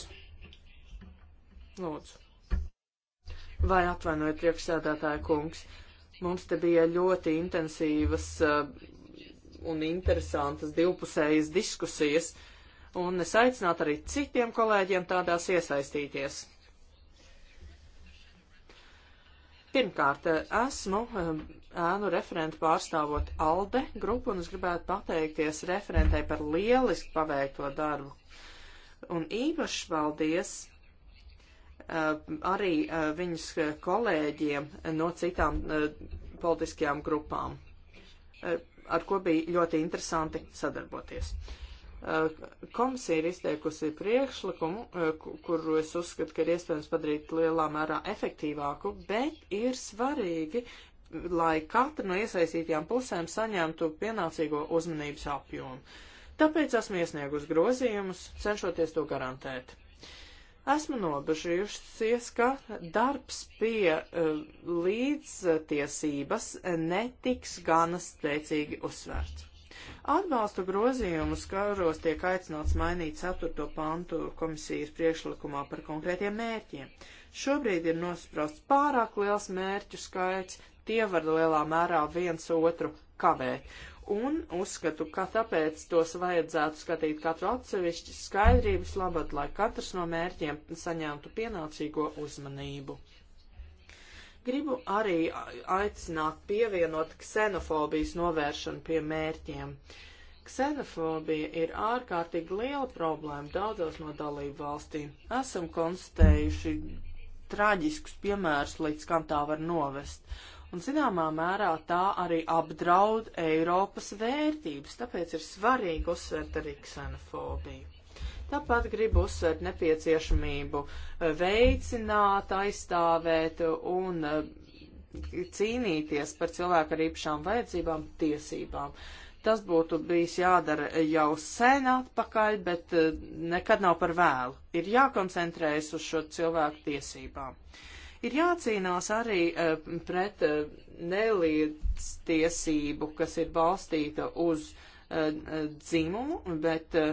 B: Lūdzu. Vai atvainojiet priekšsēdētāja kungs, mums te bija ļoti intensīvas un interesantas divpusējas diskusijas. Uh, un es aicinātu arī citiem kolēģiem tādās iesaistīties. Pirmkārt, esmu um, ēnu referentu pārstāvot ALDE grupu, un es gribētu pateikties referentai par lieliski paveikto darbu. Un īpaši paldies um, arī uh, viņas kolēģiem no citām uh, politiskajām grupām, uh, ar ko bija ļoti interesanti sadarboties. Eh, komisija ir izteikusi priekšlikumu, eh, kuru es uzskatu, ka ir iespējams padarīt lielā mērā efektīvāku, bet ir svarīgi, lai katra no iesaistītajām pusēm saņemtu pienācīgo uzmanības apjomu. Tāpēc esmu iesniegus grozījumus, cenšoties to garantēt. Esmu nobežījusies, ka darbs pie uh, līdztiesības netiks gana spēcīgi uzsvērts. Atbalstu grozījumus, kāros tiek aicināts mainīt 4. pantu komisijas priekšlikumā par konkrētiem mērķiem. Šobrīd ir nosprosts pārāk liels mērķu skaits, tie var lielā mērā viens otru kavēt un uzskatu, ka tāpēc tos vajadzētu skatīt katru atsevišķi skaidrības labad, lai katrs no mērķiem saņemtu pienācīgo uzmanību. Gribu arī aicināt pievienot ksenofobijas novēršanu pie mērķiem. Ksenofobija ir ārkārtīgi liela problēma daudzos no dalību valstīm. Esam konstatējuši traģiskus piemērus, līdz kam tā var novest. Un zināmā mērā tā arī apdraud Eiropas vērtības, tāpēc ir svarīgi uzsvērt arī ksenofobiju. Tāpat gribu uzsvērt nepieciešamību eh, veicināt, aizstāvēt un eh, cīnīties par cilvēku ar īpašām vajadzībām, tiesībām. Tas būtu bijis jādara jau sen atpakaļ, bet eh, nekad nav par vēlu. Ir jākoncentrējas uz šo cilvēku tiesībām. Ir jācīnās arī pret neliedztiesību, kas ir balstīta uz dzimumu, bet uh,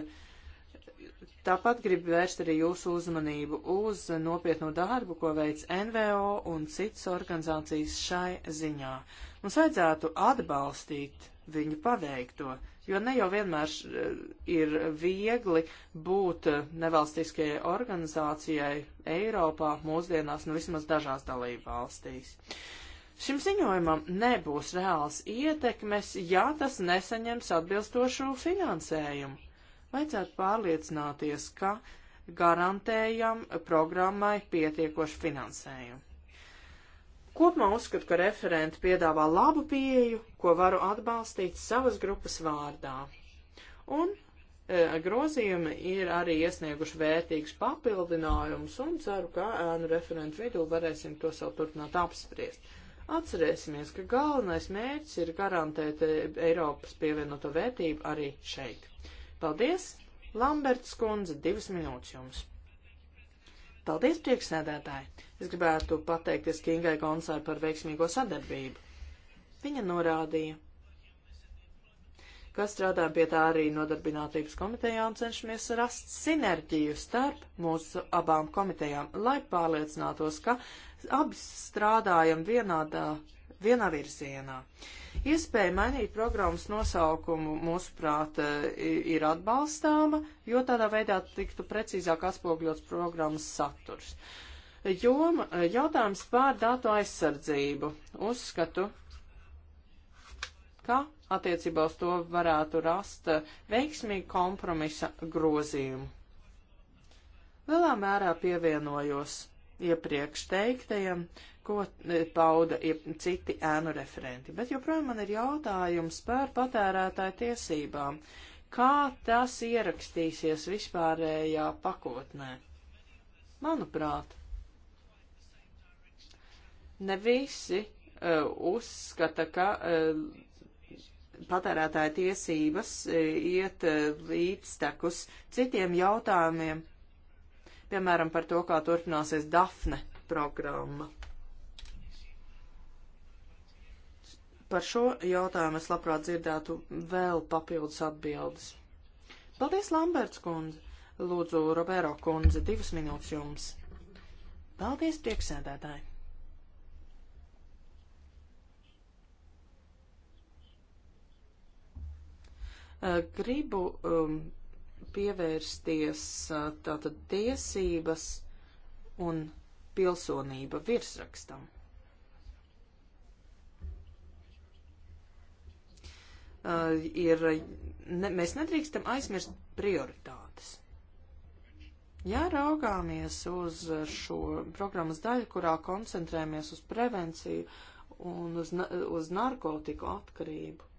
B: Tāpat gribu vērst arī jūsu uzmanību uz nopietno darbu, ko veic NVO un citas organizācijas šai ziņā. Mums vajadzētu atbalstīt viņu paveikto, jo ne jau vienmēr eh, ir viegli būt eh, nevalstiskajai organizācijai Eiropā mūsdienās, nu vismaz dažās dalību valstīs. Šim ziņojumam nebūs reāls ietekmes, ja tas nesaņems atbilstošu finansējumu. Vajadzētu pārliecināties, ka garantējam programmai pietiekošu finansējumu. Kopumā uzskatu, ka referenti piedāvā labu pieeju, ko varu atbalstīt savas grupas vārdā. Un e, grozījumi ir arī iesnieguši vērtīgus papildinājumus un ceru, ka ēnu referentu vidū varēsim to savu turpināt apspriest. Atcerēsimies, ka galvenais mērķis ir garantēt e, Eiropas pievienoto vērtību arī šeit. Paldies! Lamberts kundze, divas minūtes jums. Paldies, priekšsēdētāji! Es gribētu pateikties Kingai Gonsai par veiksmīgo sadarbību. Viņa norādīja, ka strādājam pie tā arī nodarbinātības komitejā un cenšamies rast sinerģiju starp mūsu abām komitejām, lai pārliecinātos, ka abi strādājam vienādā vienā virzienā. Iespēja mainīt programmas nosaukumu, mūsuprāt, ir atbalstāma, jo tādā veidā tiktu precīzāk atspogļots programmas saturs. Joma jautājums pār datu aizsardzību. Uzskatu, ka attiecībā uz to varētu rast veiksmīgu kompromisa grozījumu. Lielā mērā pievienojos iepriekš teiktajam, ko e, pauda citi ēnu referenti. Bet joprojām man ir jautājums par patērētāju tiesībām. Kā tas ierakstīsies vispārējā pakotnē? Manuprāt, ne visi uh, uzskata, ka uh, e, patērētāja tiesības uh, iet uh, līdztekus citiem jautājumiem, piemēram, par to, kā turpināsies Dafne programma. Par šo jautājumu es labprāt dzirdētu vēl papildus atbildes. Paldies, Lamberts kundze! Lūdzu, Robēro kundze, divas minūtes jums. Paldies, prieksēdētāji! Gribu um, pievērsties tātad tiesības un pilsonība virsrakstam. Uh, ir, ne, mēs nedrīkstam aizmirst prioritātes. Ja raugāmies uz šo programmas daļu, kurā koncentrējamies uz prevenciju un uz, uz narkotiku atkarību,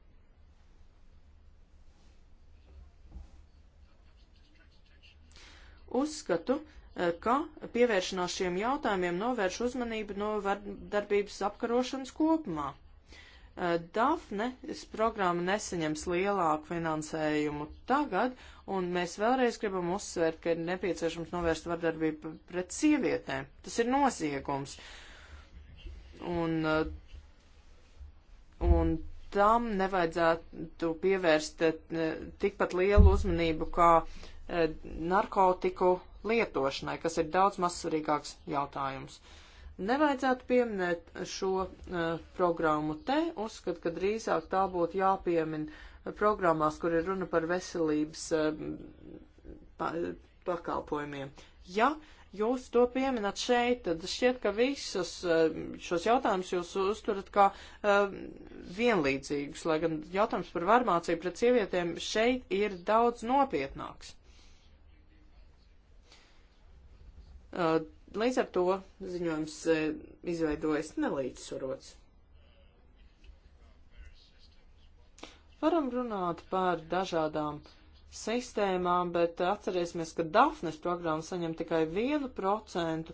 B: uzskatu, eh, ka pievēršanās šiem jautājumiem novērš uzmanību no darbības apkarošanas kopumā. Dafne programma nesaņems lielāku finansējumu tagad, un mēs vēlreiz gribam uzsvērt, ka ir nepieciešams novērst vardarbību pret sievietēm. Tas ir noziegums. Un, eh, un tam nevajadzētu pievērst eh, tikpat lielu uzmanību kā eh, narkotiku lietošanai, kas ir daudz mazsvarīgāks jautājums. Uh, Nevajadzētu pieminēt šo uh, programmu te, uzskat, ka drīzāk tā būtu jāpiemina programmās, kur ir runa par veselības uh, pa, pakalpojumiem. Ja jūs to pieminat šeit, tad šķiet, ka visus e, šos jautājumus jūs uzturat kā uh, vienlīdzīgus, lai gan jautājums par varmācību pret sievietēm šeit ir daudz nopietnāks. Uh, Līdz ar to ziņojums e, izveidojas nelīdzsvarots. Varam runāt par dažādām sistēmām, bet atcerēsimies, ka Dafnes programma saņem tikai 1% e,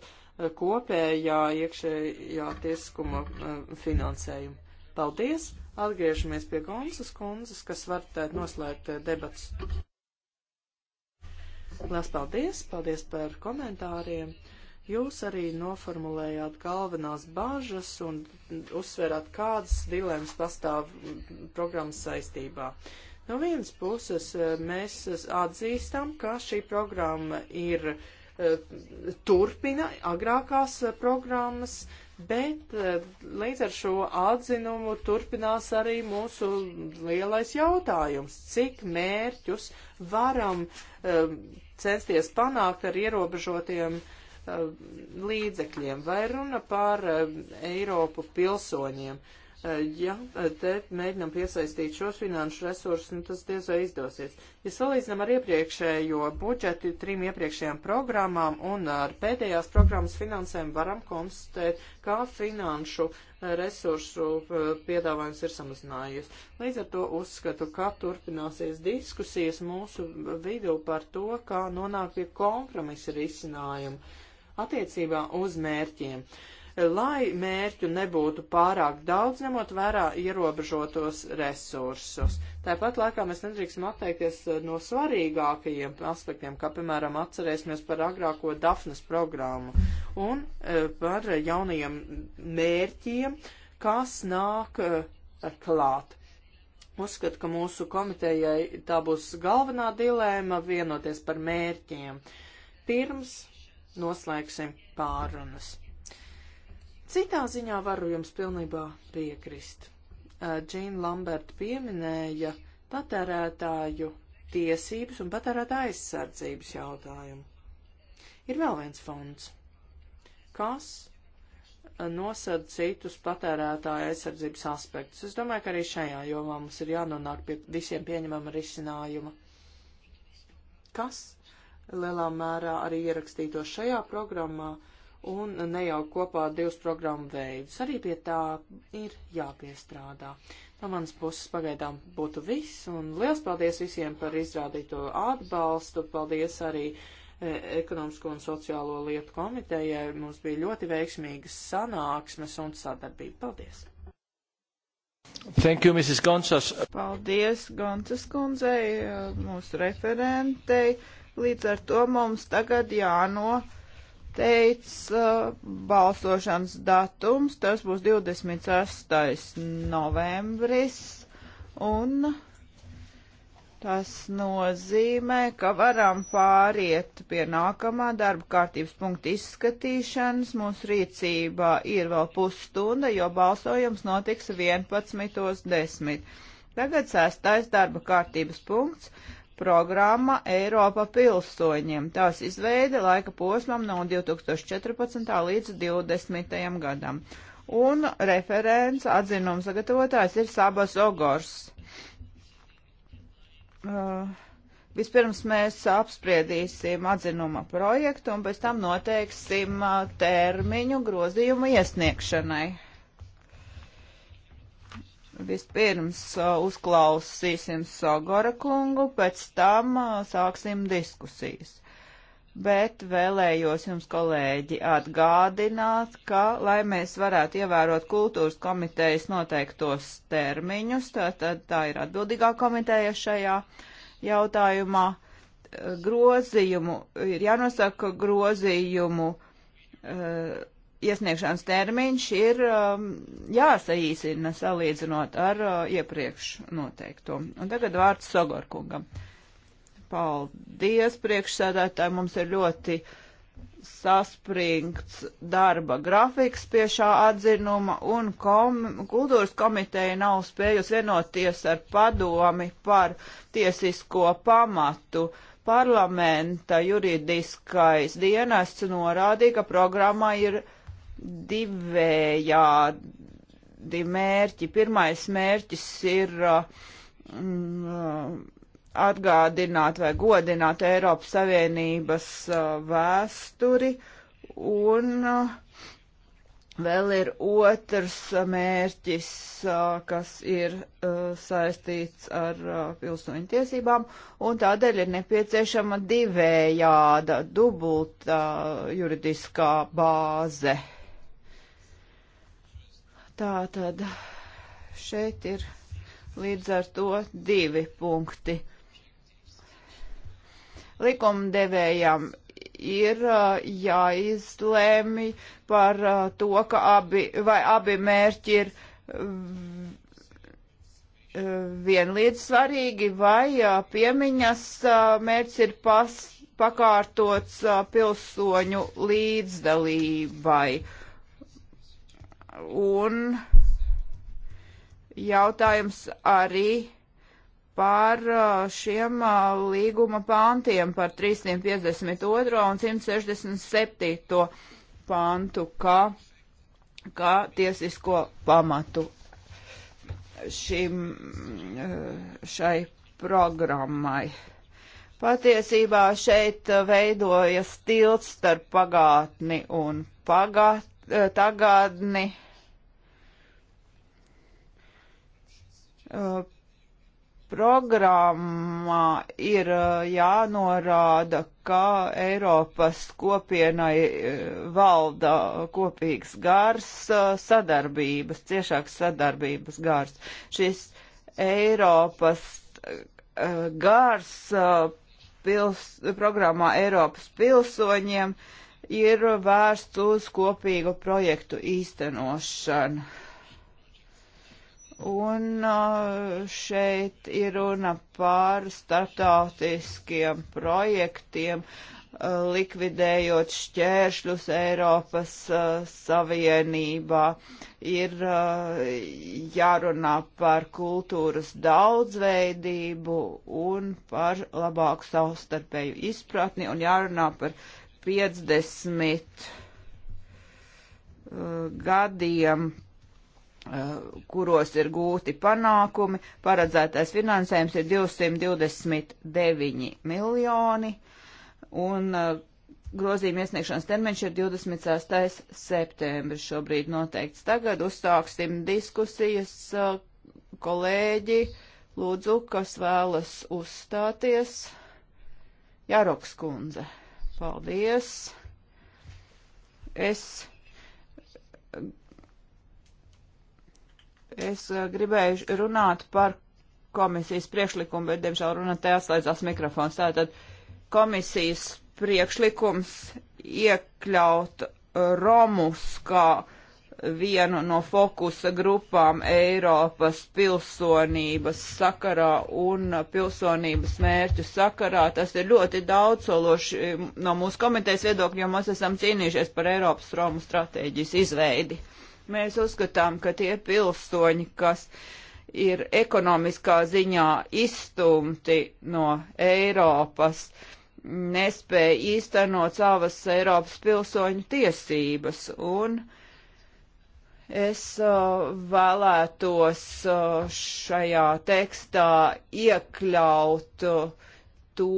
B: kopējā iekšējā tiesiskuma e, finansējuma. Paldies! Atgriežamies pie Gonsas kundzes, kas var tēt noslēgt debats. Lielas paldies! Paldies par komentāriem! Jūs arī noformulējāt galvenās bažas un uzsverāt, kādas dilemmas pastāv programmas saistībā. No vienas puses eh, mēs atzīstam, ka šī programma ir eh, turpina agrākās eh, programmas, Bet līdz ar šo atzinumu turpinās arī mūsu lielais jautājums, cik mērķus varam um, censties panākt ar ierobežotiem uh, Eh, līdzekļiem, vai runa par eh, Eiropu pilsoņiem. Eh, ja te mēģinam piesaistīt šos finanšu resursus, nu tas diez vai izdosies. Ja salīdzinām ar iepriekšējo budžetu, trim iepriekšējām programmām un ar pēdējās programmas finansēm, varam konstatēt, kā finanšu resursu piedāvājums ir samazinājies. Līdz ar to uzskatu, ka turpināsies diskusijas mūsu vidū par to, kā nonākt pie kompromisa risinājumu attiecībā uz mērķiem. Lai mērķu nebūtu pārāk daudz, ņemot vērā ierobežotos resursus. Tāpat laikā mēs nedrīkstam atteikties eh, no svarīgākajiem aspektiem, kā piemēram atcerēsimies par agrāko Dafnes programmu un eh, par jaunajiem mērķiem, kas nāk eh, klāt. Uzskatu, ka mūsu komitejai tā būs galvenā dilēma vienoties par mērķiem. Pirms noslēgsim pārunas. Citā ziņā varu jums pilnībā piekrist. Džīna Lamberta pieminēja patērētāju tiesības un patērētāja aizsardzības jautājumu. Ir vēl viens fonds, kas nosad citus patērētāja aizsardzības aspektus. Es domāju, ka arī šajā jomā mums ir jānonāk pie visiem pieņemama risinājuma. Kas lielā mērā arī ierakstītos šajā programmā un nejaukt kopā divus programmu veidus. Arī pie tā ir jāpiestrādā. No manas puses pagaidām būtu viss, un liels paldies visiem par izrādīto atbalstu. Paldies arī e, Ekonomisko un sociālo lietu komitejai. Mums bija ļoti veiksmīgas
C: sanāksmes un sadarbība. Paldies!
A: Thank you, Mrs. Gonsas.
C: Paldies, Gonsas kundzei, e, mūsu referentei. Līdz ar to mums tagad jānoteic uh, balsošanas datums. Tas būs 26. novembris. Un tas nozīmē, ka varam pāriet pie nākamā darba kārtības punkta izskatīšanas. Mūsu rīcībā ir vēl pusstunda, jo balsojums notiks 11.10. Tagad sēstais darba kārtības punkts programma Eiropa pilsoņiem. Tās izveida laika posmam no 2014. līdz 2020. gadam. Un referents atzinums sagatavotājs ir Sabas Ogors. Uh, vispirms mēs apspriedīsim atzinuma projektu un pēc tam noteiksim uh, termiņu grozījumu iesniegšanai. Vispirms uh, uzklausīsim Sogora kungu, pēc tam uh, sāksim diskusijas. Bet vēlējos jums, kolēģi, atgādināt, ka, lai mēs varētu ievērot kultūras komitejas noteiktos termiņus, tātad tā ir atbildīgā komiteja šajā jautājumā, grozījumu, ir jānosaka grozījumu. Uh, iesniegšanas termiņš ir um, jāsaīsina salīdzinot ar uh, iepriekš noteikto. Un tagad vārds Sogorkungam. Paldies, priekšsēdētāji, mums ir ļoti saspringts darba grafiks pie šā atzinuma, un kom, kultūras komiteja nav spējusi vienoties ar padomi par tiesisko pamatu parlamenta juridiskais dienests norādīja, ka programmā ir divējādi mērķi. Pirmais mērķis ir mm, atgādināt vai godināt Eiropas Savienības vēsturi, un vēl ir otrs mērķis, kas ir saistīts ar pilsoņu tiesībām, un tādēļ ir nepieciešama divējāda dubulta juridiskā bāze. Tā tad šeit ir līdz ar to divi punkti. Likumdevējam ir jāizlēmi par to, ka abi, vai abi mērķi ir vienlīdz svarīgi, vai piemiņas mērķis ir pas, pakārtots pilsoņu līdzdalībai un jautājums arī par uh, šiem uh, līguma pāntiem par 352. un 167. pāntu, kā, kā tiesisko pamatu šim, uh, šai programmai. Patiesībā šeit veidojas tilts starp pagātni un pagat, tagadni Uh, programmā ir uh, jānorāda, ka Eiropas kopienai uh, valda kopīgs gars sadarbības, ciešāks sadarbības gars. Šis Eiropas gars pils, programmā Eiropas pilsoņiem ir vērsts uz kopīgu projektu īstenošanu Un uh, šeit ir runa par starptautiskiem projektiem, uh, likvidējot šķēršļus Eiropas uh, Savienībā, ir uh, jārunā par kultūras daudzveidību un par labāku savstarpēju izpratni un jārunā par 50 uh, gadiem Eh, kuros ir gūti panākumi. Paredzētais finansējums ir 229 miljoni un eh, grozījuma iesniegšanas termiņš ir 26. septembris šobrīd noteikts. Tagad uzsāksim diskusijas. Eh, kolēģi, lūdzu, kas vēlas uzstāties? Jāroks kundze, paldies. Es Es eh, gribēju runāt par komisijas priekšlikumu, bet, diemžēl, runātāja atslēdzās mikrofons. Tātad komisijas priekšlikums iekļaut romus kā vienu no fokusa grupām Eiropas pilsonības sakarā un pilsonības mērķu sakarā. Tas ir ļoti daudzsološi no mūsu komitejas viedokļa, jo mēs esam cīnījušies par Eiropas Romu stratēģijas izveidi. Uh, Mēs uzskatām, ka tie pilsoņi, kas ir ekonomiskā ziņā izstumti no Eiropas, nespēja īstenot savas Eiropas pilsoņu tiesības. Un es uh, vēlētos uh, šajā tekstā iekļaut uh, to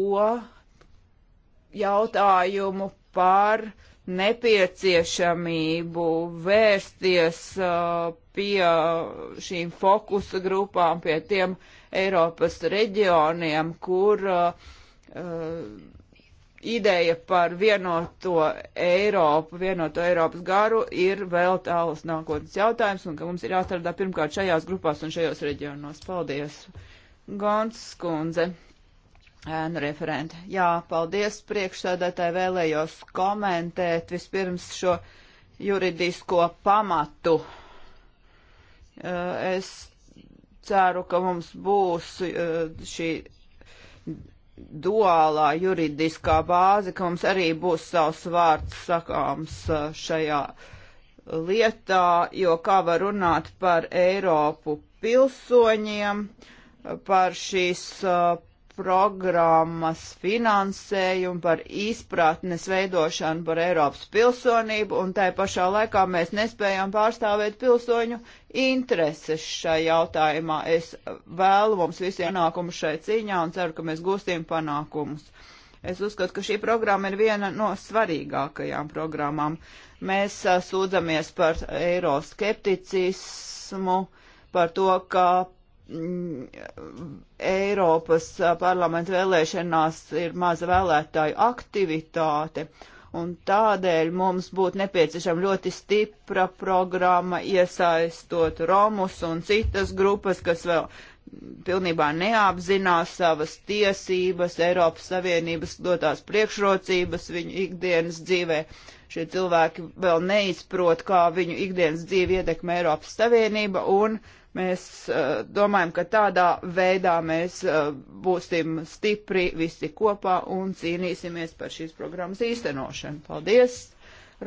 C: jautājumu par uh, nepieciešamību vērsties uh, pie šīm fokusa grupām, pie tiem Eiropas reģioniem, kur uh, uh, ideja par vienoto Eiropu, vienoto Eiropas garu ir vēl tāls nākotnes jautājums, un ka mums ir jāstrādā pirmkārt šajās grupās un šajos reģionos. Paldies, Gons Skundze! Ēnu referente. Jā, paldies priekšsēdētāji, vēlējos komentēt vispirms šo juridisko pamatu. Es ceru, ka mums būs šī duālā juridiskā bāze, ka mums arī būs savs vārds sakāms šajā lietā, jo kā var runāt par Eiropu pilsoņiem, par šīs programmas finansējumu, par izpratnes veidošanu par Eiropas pilsonību, un tai pašā laikā mēs nespējam pārstāvēt pilsoņu intereses šai jautājumā. Es vēlu mums visiem panākumu šai cīņā un ceru, ka mēs gūstīm panākumus. Es uzskatu, ka šī programma ir viena no svarīgākajām programmām. Mēs a, sūdzamies par eiroskepticismu, par to, ka Eiropas parlamenta vēlēšanās ir maza vēlētāju aktivitāte, un tādēļ mums būtu nepieciešama ļoti stipra programma, iesaistot Romus un citas grupas, kas vēl pilnībā neapzinās savas tiesības, Eiropas Savienības dotās priekšrocības viņu ikdienas dzīvē. Šie cilvēki vēl neizprot, kā viņu ikdienas dzīvi ietekmē Eiropas Savienība, un Mēs uh, domājam, ka tādā veidā mēs uh, būsim stipri visi kopā un cīnīsimies par šīs programmas īstenošanu. Paldies,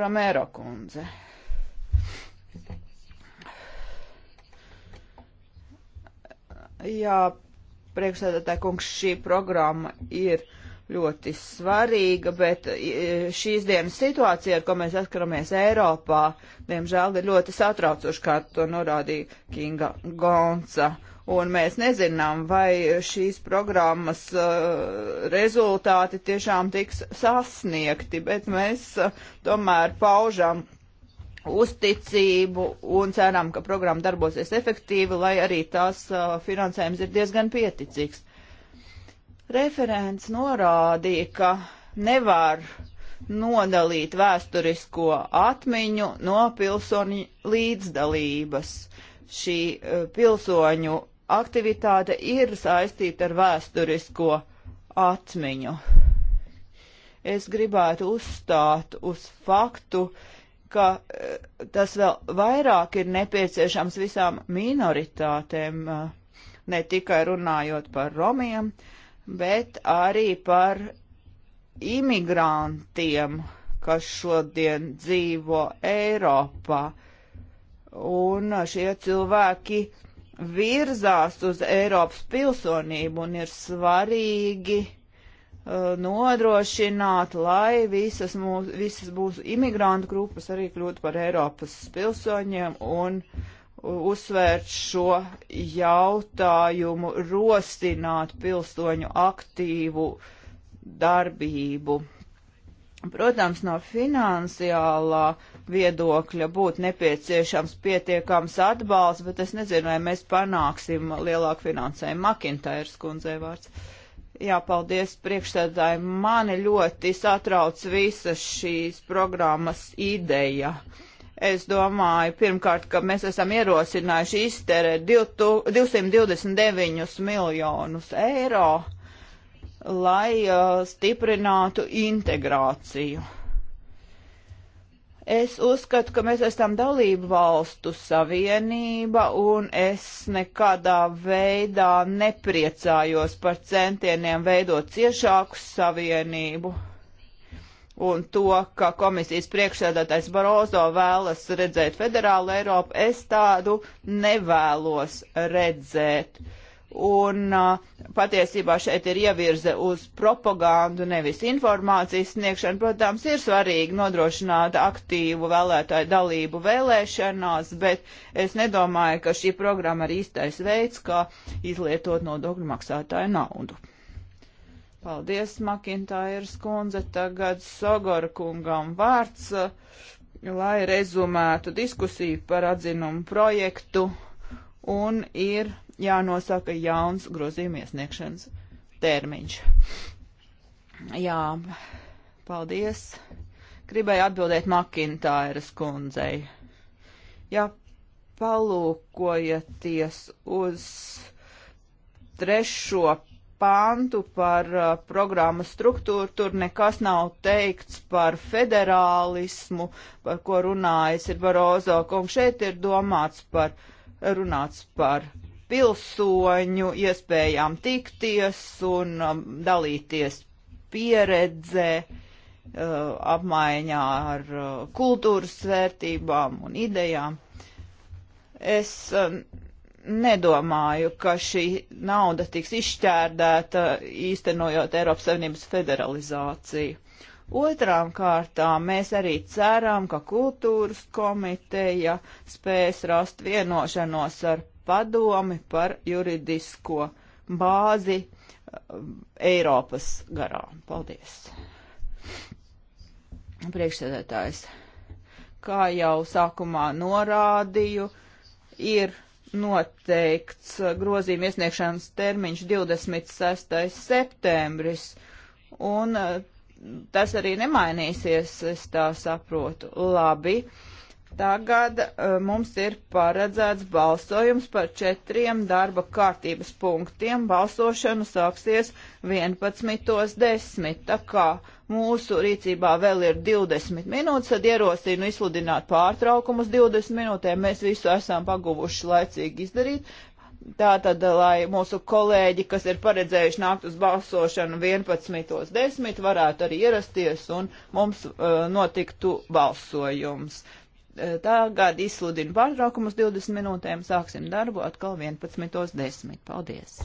C: Romēro kundze. Jā, priekšsēdētāji kungs, šī programma ir ļoti svarīga, bet e, šīs dienas situācija, ar ko mēs atkaramies Eiropā, diemžēl ir ļoti satraucoša, kā to norādīja Kinga Gonca. Un mēs nezinām, vai šīs programmas uh, rezultāti tiešām tiks sasniegti, bet mēs uh, tomēr paužam uzticību un ceram, ka programma darbosies efektīvi, lai arī tās uh, finansējums ir diezgan pieticīgs. Referents norādīja, ka nevar nodalīt vēsturisko atmiņu no pilsoņu līdzdalības. Šī e, pilsoņu aktivitāte ir saistīta ar vēsturisko atmiņu. Es gribētu uzstāt uz faktu, ka e, tas vēl vairāk ir nepieciešams visām minoritātēm, e, ne tikai runājot par romiem, uh, bet arī par imigrantiem, kas šodien dzīvo Eiropā. Un šie cilvēki virzās uz Eiropas pilsonību un ir svarīgi uh, nodrošināt, lai visas, mūs, visas būs imigrantu grupas arī kļūtu par Eiropas pilsoņiem un uh, uzsvērt šo jautājumu, rosināt pilsoņu aktīvu darbību. Protams, no finansiālā viedokļa būtu nepieciešams pietiekams atbalsts, bet es nezinu, vai mēs panāksim lielāku finansējumu. Makintairs kundzei vārds. Jā, paldies priekšstādāji. Mani ļoti satrauc visa šīs programmas ideja. Uh, Es domāju, pirmkārt, ka mēs esam ierosinājuši izterēt 229 miljonus eiro, lai uh, stiprinātu integrāciju. Es uzskatu, ka mēs esam dalību valstu savienība, un es nekādā veidā nepriecājos par centieniem veidot ciešāku savienību un to, ka komisijas priekšsēdētājs Barozo vēlas redzēt federālu Eiropu, es tādu nevēlos redzēt. Un uh, patiesībā šeit ir ievirze uz propagandu, nevis informācijas sniegšanu. Protams, ir svarīgi nodrošināt aktīvu vēlētāju dalību vēlēšanās, bet es nedomāju, ka šī programma ir īstais veids, kā izlietot nodokļu maksātāju naudu. Paldies, Makintājas kundze. Tagad Sogora kungam vārds, eh, lai rezumētu diskusiju par atzinumu projektu un ir jānosaka jauns grozījuma iesniegšanas termiņš. Jā, paldies. Gribēju atbildēt Makintājas kundzei. Ja palūkojaties uz trešo pantu par uh, programmas struktūru, tur nekas nav teikts par federālismu, par ko runājas ir Barozo kungs. Šeit ir domāts par, runāts par pilsoņu iespējām tikties un um, dalīties pieredzē, uh, apmaiņā ar uh, kultūras vērtībām un idejām. Es uh, nedomāju, ka šī nauda tiks izšķērdēta īstenojot Eiropas Savienības federalizāciju. Otrām kārtām mēs arī ceram, ka kultūras komiteja spēs rast vienošanos ar padomi par juridisko bāzi um, Eiropas garā. Paldies. Priekšsēdētājs, kā jau sākumā norādīju, ir noteikts grozījuma iesniegšanas termiņš 26. septembris, un eh, tas arī nemainīsies, es tā saprotu. Labi. Uh, Tagad uh, mums ir paredzēts balsojums par četriem darba kārtības punktiem. Balsošana sāksies 11.10. Tā kā mūsu rīcībā vēl ir 20 minūtes, tad ierosinu izsludināt pārtraukumus 20 minūtēm. Mēs visu esam paguvuši laicīgi izdarīt. Tātad, e, lai mūsu kolēģi, kas ir paredzējuši nākt uz balsošanu 11.10, varētu arī ierasties un mums uh, notiktu balsojums. Eh, tagad izsludinu pārtraukumus 20 minūtēm, sāksim darbu atkal 11.10. Paldies!